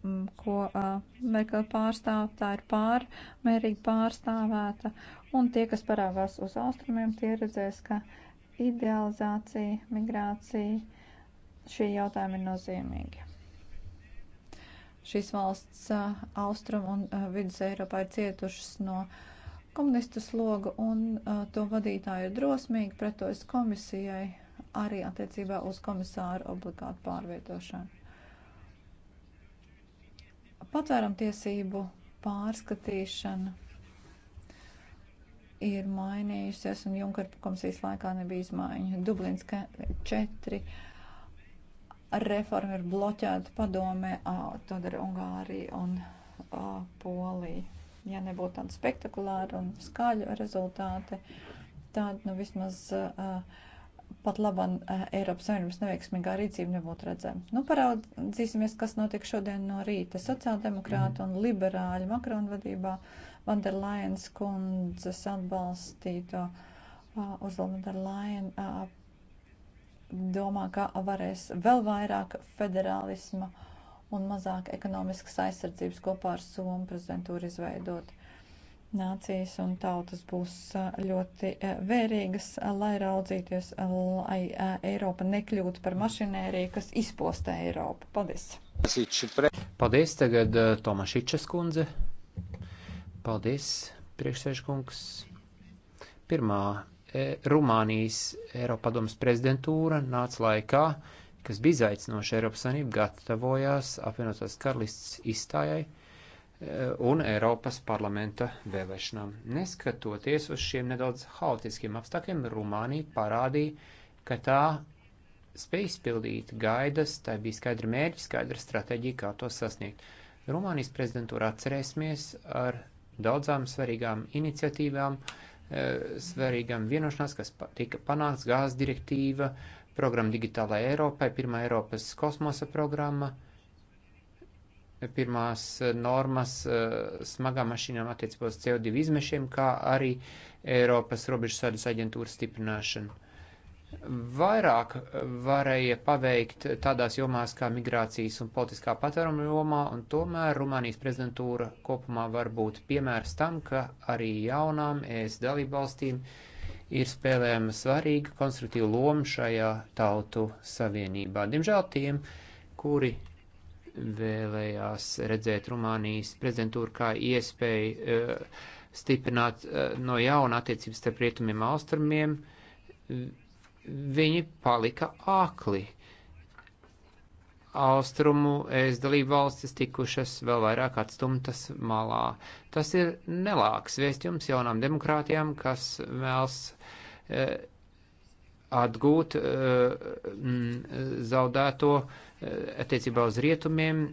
[SPEAKER 3] um, ko uh, Merkel pārstāv, tā ir pārmērīgi pārstāvēta, un tie, kas parāvās uz austrumiem, tie redzēs, ka idealizācija, migrācija, šie jautājumi ir nozīmīgi. Šīs valsts austrum un vidus Eiropā ir cietušas no komunistu sloga, un to vadītāji ir drosmīgi pretojas komisijai arī attiecībā uz komisāru obligātu pārvietošanu. Patvēram tiesību pārskatīšana ir mainījusies, un Junkara komisijas laikā nebija izmaiņa. Dublins 4 reforma ir bloķēta padomē, tad ir Ungārija un a, Polija. Ja nebūtu tāda spektakulāra un skaļa rezultāti, tad nu, vismaz a, pat labam Eiropas Savienības neveiksmīgā rīcība nebūtu redzama. Nu, paraudzīsimies, kas notiek šodien no rīta. Sociāldemokrāta un liberāļa Makrona vadībā Vanderlainas kundzes atbalstīto Urzula Vanderlaina domā, ka varēs vēl vairāk federālisma un mazāk ekonomiskas aizsardzības kopā ar Somu prezidentūru izveidot. Nācijas un tautas būs ļoti vērīgas, lai raudzīties, lai Eiropa nekļūtu par mašinēriju, kas izpostē Eiropu. Paldies!
[SPEAKER 2] Paldies tagad Tomašičas kundze. Paldies, priekšsēžkungs. Pirmā E, Rumānijas Eiropadomas prezidentūra nāca laikā, kas bija izaicinoša Eiropas Savienība, gatavojās apvienotās karalists izstājai e, un Eiropas parlamenta vēlēšanām. Neskatoties uz šiem nedaudz haotiskiem apstākļiem, Rumānija parādīja, ka tā spēj izpildīt gaidas, tā bija skaidra mērķa, skaidra stratēģija, kā to sasniegt. Rumānijas prezidentūra atcerēsimies ar daudzām svarīgām iniciatīvām, uh, Eh, svarīgam vienošanās, kas tika panākts gāzes direktīva, programma digitālajai Eiropai, pirmā Eiropas kosmosa programma, pirmās eh, normas eh, smagām mašīnām attiecībos CO2 izmešiem, kā arī Eiropas robežu sādas aģentūras stiprināšana vairāk varēja paveikt tādās jomās kā migrācijas un politiskā patvēruma jomā, un tomēr Rumānijas prezidentūra kopumā var būt piemērs tam, ka arī jaunām ES dalībvalstīm ir spēlējama svarīga konstruktīva loma šajā tautu savienībā. Diemžēl tiem, kuri vēlējās redzēt Rumānijas prezidentūru kā iespēju uh, stiprināt uh, no jauna attiecības starp rietumiem un austrumiem, uh, viņi palika ākli. Austrumu es dalību valstis tikušas vēl vairāk atstumtas malā. Tas ir nelāks vēstījums jaunām demokrātijām, kas vēlas e, atgūt e, zaudēto e, attiecībā uz rietumiem.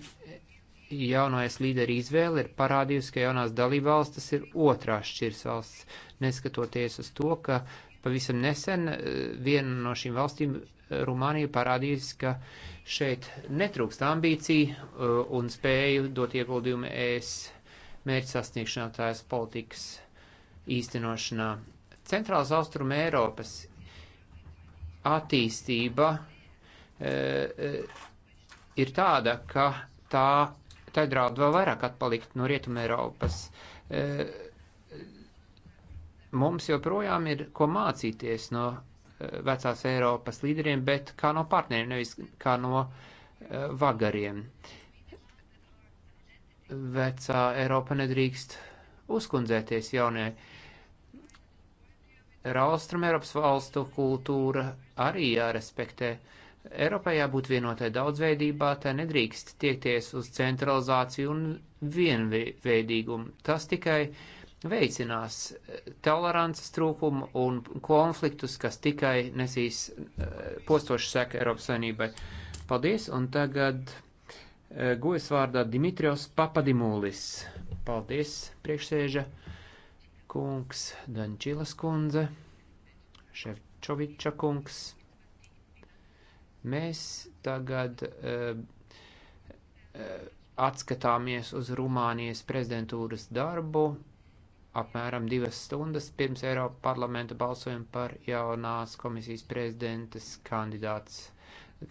[SPEAKER 2] Jaunais līderi izvēle ir parādījusi, ka jaunās dalībvalstis ir otrās šķirs valsts, neskatoties uz to, ka uh, Pavisam nesen eh, viena no šīm valstīm, eh, Rumānija, parādījis, ka šeit netrūkst ambīciju eh, un spēju dot ieguldījumu ES mērķu sasniegšanā, tās politikas īstenošanā. Centrālas austruma Eiropas attīstība e, e, ir tāda, ka tā, tā draud vēl vairāk atpalikt no Rietuma Eiropas. E, Mums joprojām ir ko mācīties no eh, vecās Eiropas līderiem, bet kā no partneriem, nevis kā no eh, vagariem. Vecā Eiropa nedrīkst uzkundzēties jaunie. Raustrum Eiropas valstu kultūra arī jārespektē. Eiropai jābūt vienotai daudzveidībā, tā nedrīkst tiekties uz centralizāciju un vienveidīgumu. Tas tikai uh, veicinās eh, tolerances trūkumu un konfliktus, kas tikai nesīs eh, postošu seku Eiropas Savienībai. Paldies, un tagad eh, gojas vārdā Dimitrios Papadimulis. Paldies, priekšsēža kungs, Dančilas kundze, Ševčoviča kungs. Mēs tagad uh, uh, atskatāmies uz Rumānijas prezidentūras darbu apmēram divas stundas pirms Eiropa parlamenta balsojuma par jaunās komisijas prezidentas kandidāts.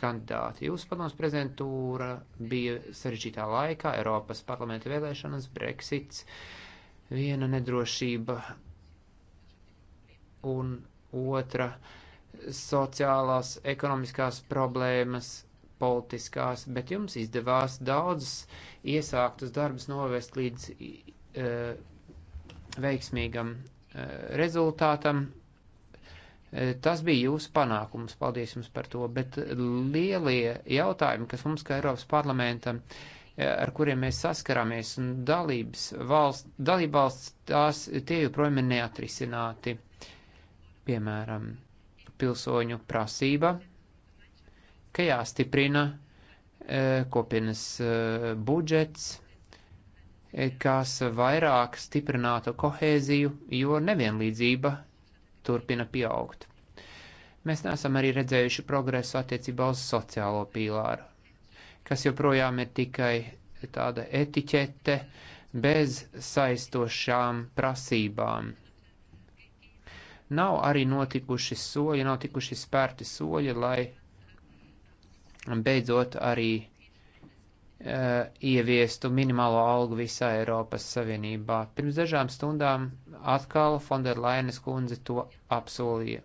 [SPEAKER 2] Kandidāti. Jūsu padomus prezidentūra bija sarežģītā laikā, Eiropas parlamenta vēlēšanas, Brexits, viena nedrošība un otra sociālās, ekonomiskās problēmas, politiskās, bet jums izdevās daudzas iesāktas darbas novest līdz uh, veiksmīgam eh, rezultātam. Eh, tas bija jūsu panākums, paldies jums par to, bet lielie jautājumi, kas mums kā Eiropas parlamentam, eh, ar kuriem mēs saskarāmies, un dalības valsts, dalībvalsts, tās tie joprojām ir neatrisināti. Piemēram, pilsoņu prasība, ka jāstiprina kopienas budžets kas vairāk stiprinātu kohēziju, jo nevienlīdzība turpina pieaugt. Mēs neesam arī redzējuši progresu attiecībā uz sociālo pīlāru, kas joprojām ir tikai tāda etiķete bez saistošām prasībām. Nav arī notikuši soļi, nav tikuši spērti soļi, lai beidzot arī Eh, ieviestu minimālo algu visā Eiropas Savienībā. Pirms dažām stundām atkal Fonderlainas kundze to apsolīja.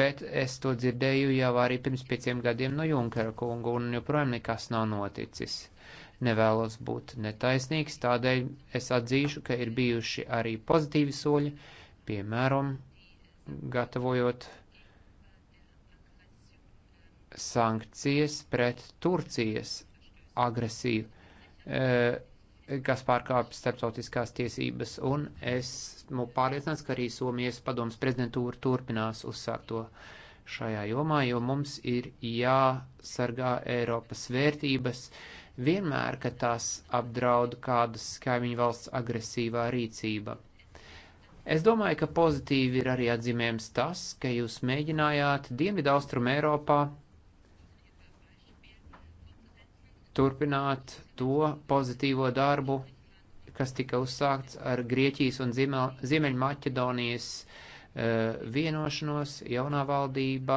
[SPEAKER 2] Bet es to dzirdēju jau arī pirms pieciem gadiem no Junkera kunga, un joprojām nekas nav noticis. Nevēlos būt netaisnīgs, tādēļ es atzīšu, ka ir bijuši arī pozitīvi soļi, piemēram, gatavojot sankcijas pret Turcijas agresīvu, eh, kas pārkāpj starptautiskās tiesības, un esmu pārliecināts, ka arī Somijas padomas prezidentūra turpinās uzsākt to šajā jomā, jo mums ir jāsargā Eiropas vērtības vienmēr, kad tās apdraud kādas kaimiņu valsts agresīvā rīcība. Es domāju, ka pozitīvi ir arī atzīmējams tas, ka jūs mēģinājāt Dienvidu Austrum Eiropā turpināt to pozitīvo darbu, kas tika uzsākts ar Grieķijas un Ziemeļmaķedonijas e, vienošanos, jaunā valdība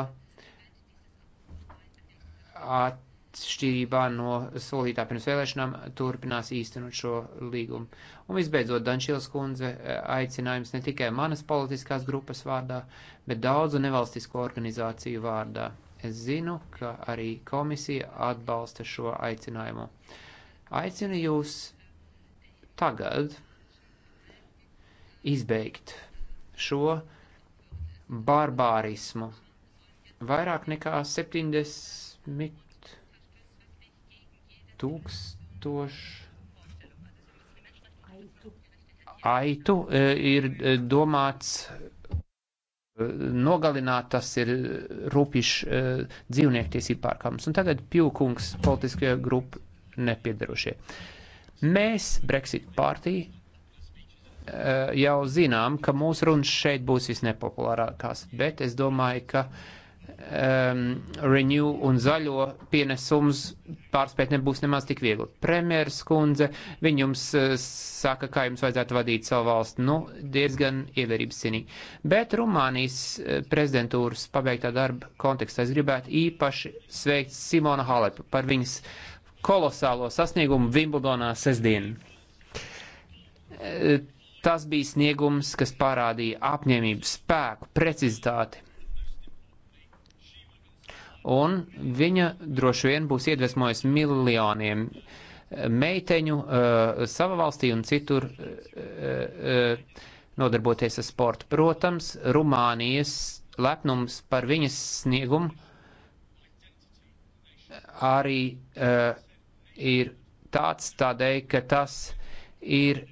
[SPEAKER 2] atšķirībā no solītā pirms vēlēšanām turpinās īstenot šo līgumu. Un visbeidzot, Dančils kundze e, aicinājums ne tikai manas politiskās grupas vārdā, bet daudzu nevalstisko organizāciju vārdā. Es zinu, ka arī komisija atbalsta šo aicinājumu. Aicinu jūs tagad izbeigt šo barbārismu. Vairāk nekā 70 tūkstoši aitu e, ir e, domāts nogalināt, tas ir rupišs e, dzīvniektiesību pārkāpums. Un tagad Pjūkungs politiskajā grupu nepiedarušie. Mēs, Brexit partija, e, jau zinām, ka mūsu runas šeit būs visnepopulārākās, bet es domāju, ka uh, um, Renew un zaļo pienesums pārspēt nebūs nemaz tik viegli. Premjeras kundze, viņa jums uh, saka, kā jums vajadzētu vadīt savu valstu, nu, diezgan ievērības cienīgi. Bet Rumānijas uh, prezidentūras pabeigtā darba kontekstā es gribētu īpaši sveikt Simona Halepu par viņas kolosālo sasniegumu Vimbldonā sestdien. Uh, tas bija sniegums, kas parādīja apņēmību, spēku, precizitāti un viņa droši vien būs iedvesmojusi miljoniem meiteņu uh, savā valstī un citur uh, uh, nodarboties ar sportu. Protams, Rumānijas lepnums par viņas sniegumu arī uh, ir tāds tādēļ, ka tas ir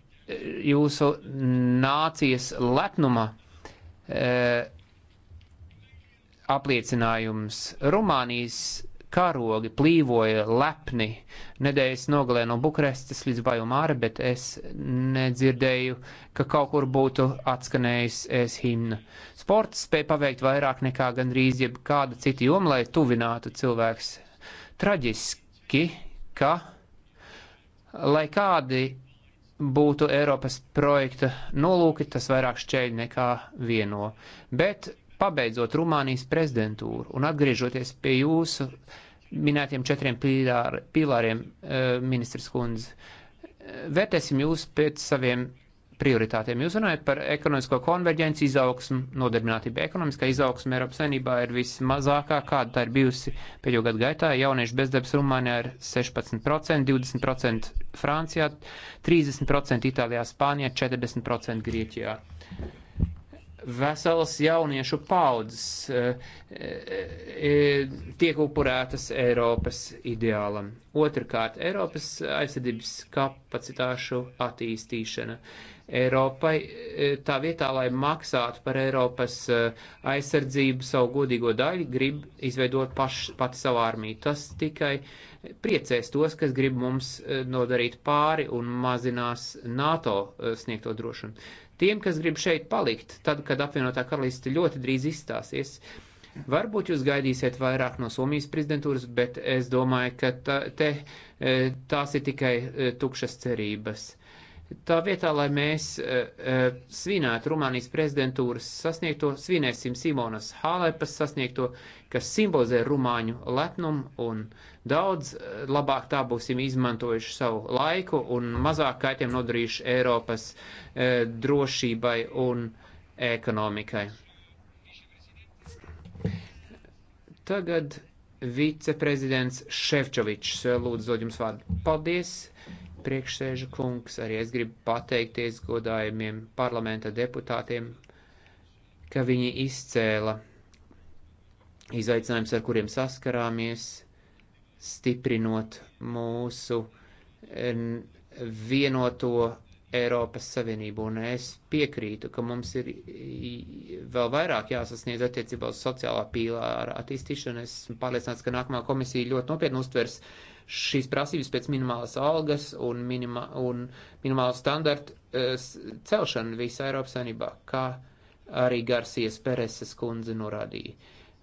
[SPEAKER 2] jūsu nācijas lepnuma. Uh, apliecinājums. Rumānijas karogi plīvoja lepni nedēļas nogalē no Bukarestes līdz Bajumāra, bet es nedzirdēju, ka kaut kur būtu atskanējis es himna. Sports spēja paveikt vairāk nekā gandrīz jebkāda cita joma, lai tuvinātu cilvēks. Traģiski, ka, lai kādi būtu Eiropas projekta nolūki, tas vairāk šķeļ nekā vieno. Bet Pabeidzot Rumānijas prezidentūru un atgriežoties pie jūsu minētiem četriem pīlār, pīlāriem, eh, ministrs kundze, vērtēsim jūs pēc saviem prioritātiem. Jūs runājat par ekonomisko konverģenci, izaugsmu, nodarbinātību. Ekonomiskā izaugsma Eiropas saimnībā ir vismazākā, kāda tā ir bijusi pēdējo gadu gaitā. Jauniešu bezdarbs Rumānijā ir 16%, 20% Francijā, 30% Itālijā, Spānijā, 40% Grieķijā veselas jauniešu paudzes e, e, e, tiek upurētas Eiropas ideālam. Otrakārt, Eiropas aizsardzības kapacitāšu attīstīšana. Eiropai tā vietā, lai maksātu par Eiropas aizsardzību savu godīgo daļu, grib izveidot paš, pati savu armiju. Tas tikai priecēs tos, kas grib mums nodarīt pāri un mazinās NATO sniegto drošumu tiem, kas grib šeit palikt, tad, kad apvienotā karaliste ļoti drīz izstāsies. Varbūt jūs gaidīsiet vairāk no Somijas prezidentūras, bet es domāju, ka tā, te, eh, tās ir tikai eh, tukšas cerības. Tā vietā, lai mēs uh, uh, svinētu Rumānijas prezidentūras sasniegto, svinēsim Simonas Hālepas sasniegto, kas simbolizē Rumāņu lepnumu un daudz uh, labāk tā būsim izmantojuši savu laiku un mazāk kaitiem nodarījuši Eiropas uh, drošībai un ekonomikai. Tagad viceprezidents Ševčovičs lūdzu dod jums vārdu. Paldies! Priekšsēža kungs, arī es gribu pateikties godājumiem parlamenta deputātiem, ka viņi izcēla izaicinājums, ar kuriem saskarāmies, stiprinot mūsu vienoto Eiropas Savienību, un es piekrītu, ka mums ir vēl vairāk jāsasniedz attiecībā uz sociālā pīlāra attīstīšanu. Es esmu pārliecināts, ka nākamā komisija ļoti nopietni uztvers uh, šīs prasības pēc minimālas algas un, minima, un minimālu standartu eh, celšanu visā Eiropas Savienībā, kā arī Garsies Pereses kundze norādīja.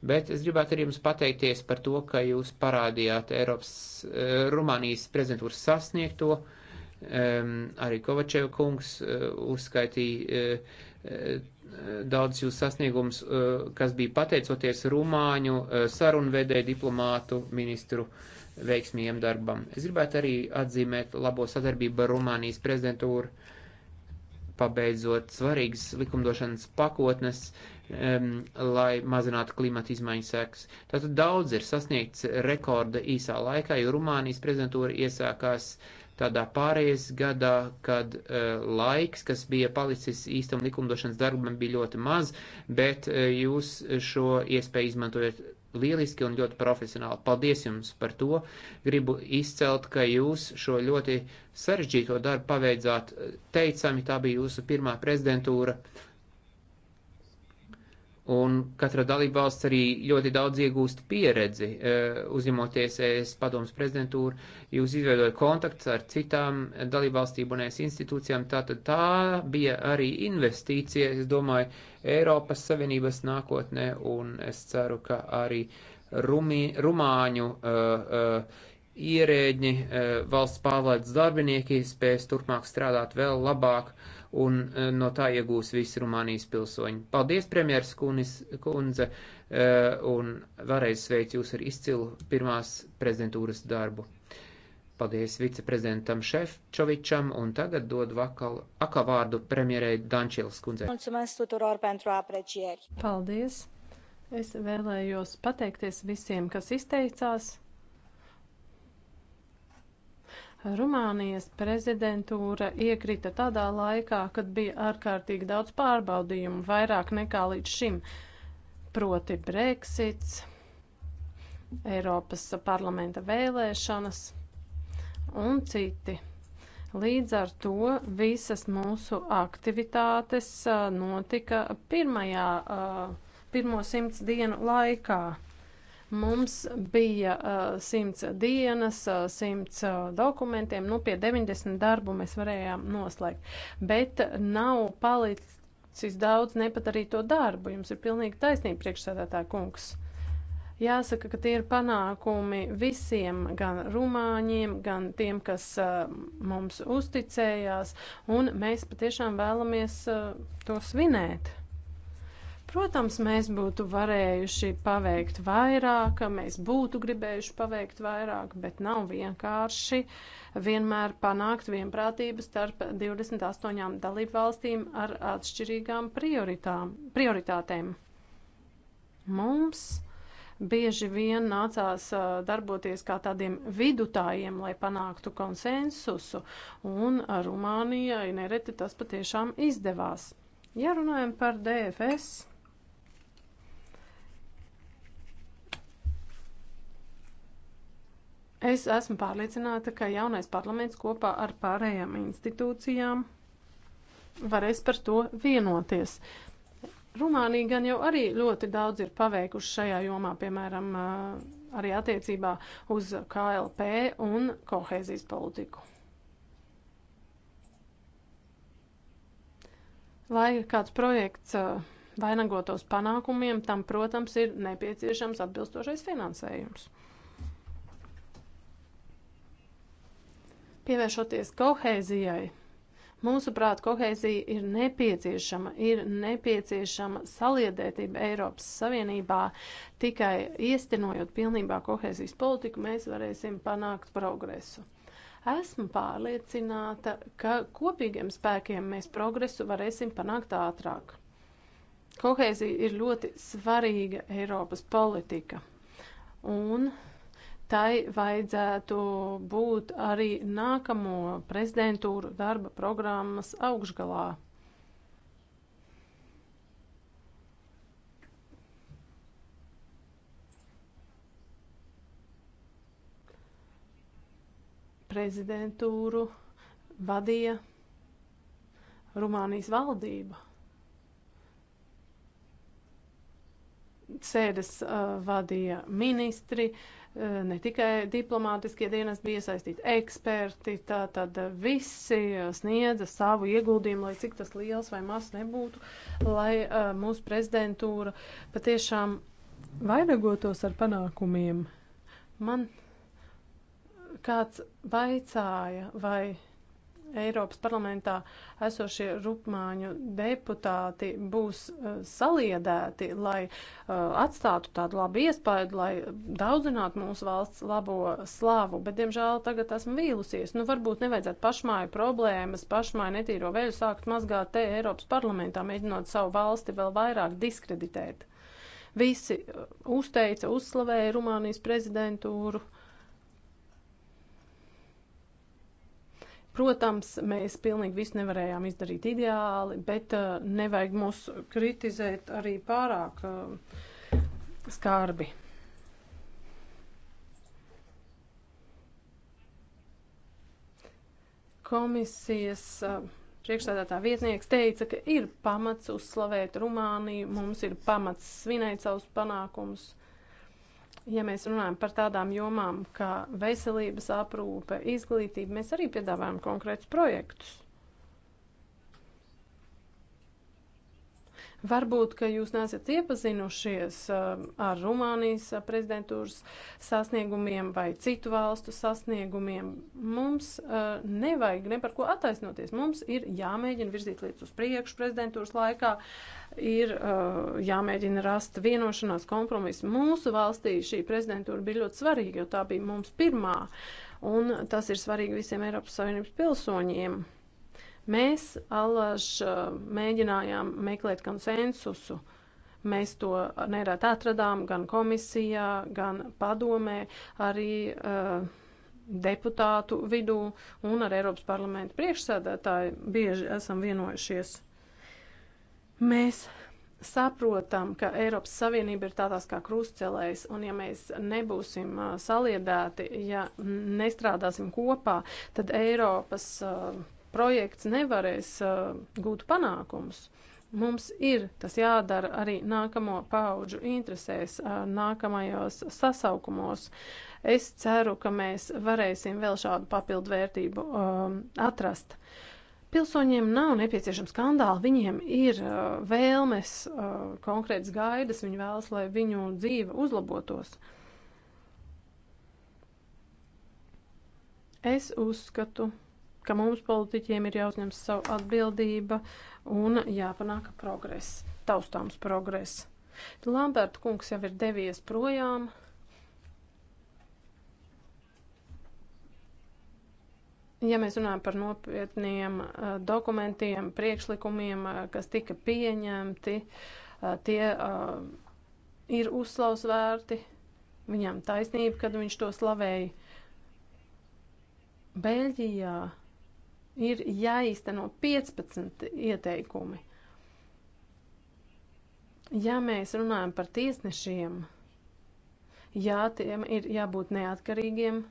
[SPEAKER 2] Bet es gribētu arī jums pateikties par to, ka jūs parādījāt Eiropas, eh, Rumānijas prezidentūras sasniegto, um, arī Kovačeva kungs uh, uzskaitīja uh, daudz jūsu sasniegums, eh, kas bija pateicoties rumāņu eh, sarunvedēju diplomātu ministru veiksmīgiem darbam. Es gribētu arī atzīmēt labo sadarbību ar Rumānijas prezidentūru, pabeidzot svarīgas likumdošanas pakotnes, um, lai mazinātu klimata izmaiņu sekas. Tātad daudz ir sasniegts rekorda īsā laikā, jo Rumānijas prezidentūra iesākās uh, tādā pārējais gadā, kad uh, laiks, kas bija palicis īstam likumdošanas darbam, bija ļoti maz, bet uh, jūs šo iespēju izmantojat lieliski un ļoti profesionāli. Paldies jums par to. Gribu izcelt, ka jūs šo ļoti sarežģīto darbu paveidzāt teicami. Tā bija jūsu pirmā prezidentūra. Uh, Un katra dalībvalsts arī ļoti daudz iegūst pieredzi, e, uzņemoties ES padomus prezidentūru, jūs izveidojat kontakts ar citām dalībvalstīm un ES institūcijām, tātad tā bija arī investīcija, es domāju, Eiropas Savienības nākotnē, un es ceru, ka arī Rumi, Rumāņu uh, uh, ierēģi, uh, valsts pārvaldes darbinieki spēs turpmāk strādāt vēl labāk un e, no tā iegūs visi Rumānijas pilsoņi. Paldies, premjeras kundze, e, un vēlreiz sveicu jūs ar izcilu pirmās prezidentūras darbu. Paldies viceprezidentam Šefčovičam un tagad dod vakal, akā vārdu premjerai Dančils kundzei.
[SPEAKER 3] Mulțumesc tuturor pentru aprecieri.
[SPEAKER 1] Paldies. Es vēlējos pateikties visiem, kas izteicās. Rumānijas prezidentūra iekrita tādā laikā, kad bija ārkārtīgi daudz pārbaudījumu, vairāk nekā līdz šim, proti Brexits, Eiropas parlamenta vēlēšanas un citi. Līdz ar to visas mūsu aktivitātes uh, notika pirmajā, uh, pirmo simts dienu laikā. Mums bija uh, 100 dienas, uh, 100 uh, dokumentiem, nu pie 90 darbu mēs varējām noslēgt, bet nav palicis daudz nepadarīto darbu. Jums ir pilnīgi taisnība priekšsēdētā kungs. Jāsaka, ka tie ir panākumi visiem, gan rumāņiem, gan tiem, kas uh, mums uzticējās, un mēs patiešām vēlamies uh, to svinēt. Protams, mēs būtu varējuši paveikt vairāk, mēs būtu gribējuši paveikt vairāk, bet nav vienkārši vienmēr panākt vienprātību starp 28 dalību valstīm ar atšķirīgām prioritātēm. Mums bieži vien nācās darboties kā tādiem vidutājiem, lai panāktu konsensusu, un Rumānijai nereti tas patiešām izdevās. Ja runājam par DFS, Es esmu pārliecināta, ka jaunais parlaments kopā ar pārējām institūcijām varēs par to vienoties. Rumānija gan jau arī ļoti daudz ir paveikuši šajā jomā, piemēram, arī attiecībā uz KLP un kohēzijas politiku. Lai kāds projekts vainagotos panākumiem, tam, protams, ir nepieciešams atbilstošais finansējums. Pievēršoties kohēzijai, mūsuprāt, kohēzija ir nepieciešama, ir nepieciešama saliedētība Eiropas Savienībā. Tikai iestenojot pilnībā kohēzijas politiku, mēs varēsim panākt progresu. Esmu pārliecināta, ka kopīgiem spēkiem mēs progresu varēsim panākt ātrāk. Kohēzija ir ļoti svarīga Eiropas politika. Un tai vajadzētu būt arī nākamo prezidentūru darba programmas augšgalā. Prezidentūru vadīja Rumānijas valdība. Sēdes uh, vadīja ministri, uh, Eh, ne tikai diplomātiskie dienas bija iesaistīti eksperti, tā tad visi eh, sniedza savu ieguldījumu, lai cik tas liels vai maz nebūtu, lai uh, mūsu prezidentūra patiešām vainagotos ar panākumiem. Man kāds vaicāja, vai Eiropas parlamentā esošie rupmāņu deputāti būs eh, saliedēti, lai eh, atstātu tādu labu iespaidu, lai daudzinātu mūsu valsts labo slavu. Bet, diemžēl, tagad esmu vīlusies. Nu, varbūt nevajadzētu pašmāju problēmas, pašmāju netīro vēju sākt mazgāt te Eiropas parlamentā, mēģinot savu valsti vēl vairāk diskreditēt. Visi eh, uzteica, uzslavēja Rumānijas prezidentūru. Uh, Protams, mēs pilnīgi visu nevarējām izdarīt ideāli, bet uh, nevajag mūs kritizēt arī pārāk uh, skarbi. Komisijas uh, priekšstādātā vietnieks teica, ka ir pamats uzslavēt Rumāniju, mums ir pamats svinēt savus panākumus. Ja mēs runājam par tādām jomām kā veselības aprūpe, izglītība, mēs arī piedāvājam konkrētus projektus. Varbūt, ka jūs nesat iepazinušies um, ar Rumānijas prezidentūras sasniegumiem vai citu valstu sasniegumiem. Mums uh, nevajag ne par ko attaisnoties. Mums ir jāmēģina virzīt lietas uz priekšu prezidentūras laikā. Uh, ir uh, jāmēģina rast vienošanās kompromisu. Mūsu valstī šī prezidentūra bija ļoti svarīga, jo tā bija mums pirmā, un tas ir svarīgi visiem Eiropas Savienības pilsoņiem. Mēs allaž uh, mēģinājām meklēt konsensusu. Mēs to nerēt atradām gan komisijā, gan padomē, arī uh, deputātu vidū un ar Eiropas parlamentu priekšsēdētāju bieži esam vienojušies. Mēs saprotam, ka Eiropas Savienība ir tādās kā krustcelējs, un ja mēs nebūsim saliedēti, ja nestrādāsim kopā, tad Eiropas uh, projekts nevarēs uh, gūt panākumus. Mums ir tas jādara arī nākamo pauģu interesēs, uh, nākamajos sasaukumos. Es ceru, ka mēs varēsim vēl šādu papildu vērtību atrast. Uh, Pilsoņiem nav nepieciešama skandāla, viņiem ir uh, vēlmes, uh, konkrētas gaidas, viņi vēlas, lai viņu dzīve uzlabotos. Es uzskatu, ka mums politiķiem ir jāuzņem savu atbildība un jāpanāk progress, taustāms progress. Lamberta kungs jau ir devies projām. Ja mēs runājam par nopietniem eh, dokumentiem, priekšlikumiem, eh, kas tika pieņemti, eh, tie ir uzslausvērti, viņam taisnība, kad viņš to slavēja. Beļģijā ir jāīsteno 15 ieteikumi. Ja mēs runājam par tiesnešiem, jā, tiem ir jābūt neatkarīgiem,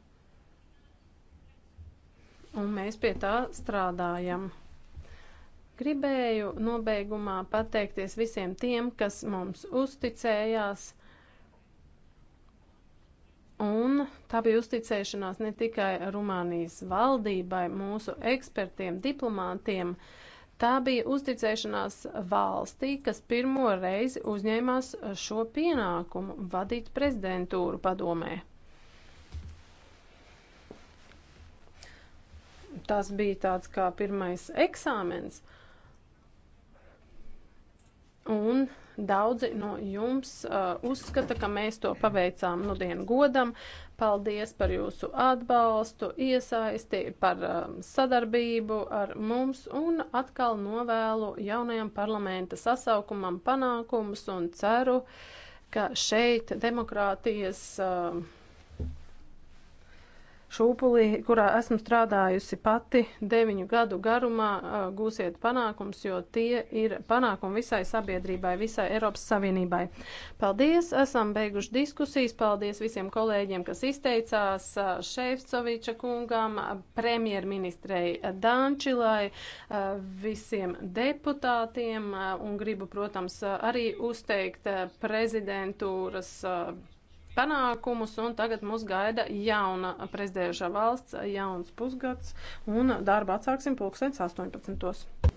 [SPEAKER 1] un mēs pie tā strādājam. Gribēju nobeigumā pateikties visiem tiem, kas mums uzticējās. Un tā bija uzticēšanās ne tikai Rumānijas valdībai, mūsu ekspertiem, diplomātiem. Tā bija uzticēšanās valstī, kas pirmo reizi uzņēmās šo pienākumu vadīt prezidentūru padomē. Tas bija tāds kā pirmais eksāmens. Un daudzi no jums uh, uzskata, ka mēs to paveicām nu dienu godam. Paldies par jūsu atbalstu, iesaisti, par um, sadarbību ar mums un atkal novēlu jaunajam parlamenta sasaukumam panākumus un ceru, ka šeit demokrātijas. Uh, šūpulī, kurā esmu strādājusi pati deviņu gadu garumā, gūsiet panākums, jo tie ir panākumi visai sabiedrībai, visai Eiropas Savienībai. Paldies, esam beiguši diskusijas, paldies visiem kolēģiem, kas izteicās Šeifcoviča kungam, premjerministrei Dančilai, visiem deputātiem un gribu, protams, arī uzteikt prezidentūras panākumus, un tagad mūs gaida jauna prezidēža valsts, jauns pusgads, un darbu atsāksim pulkstens 18.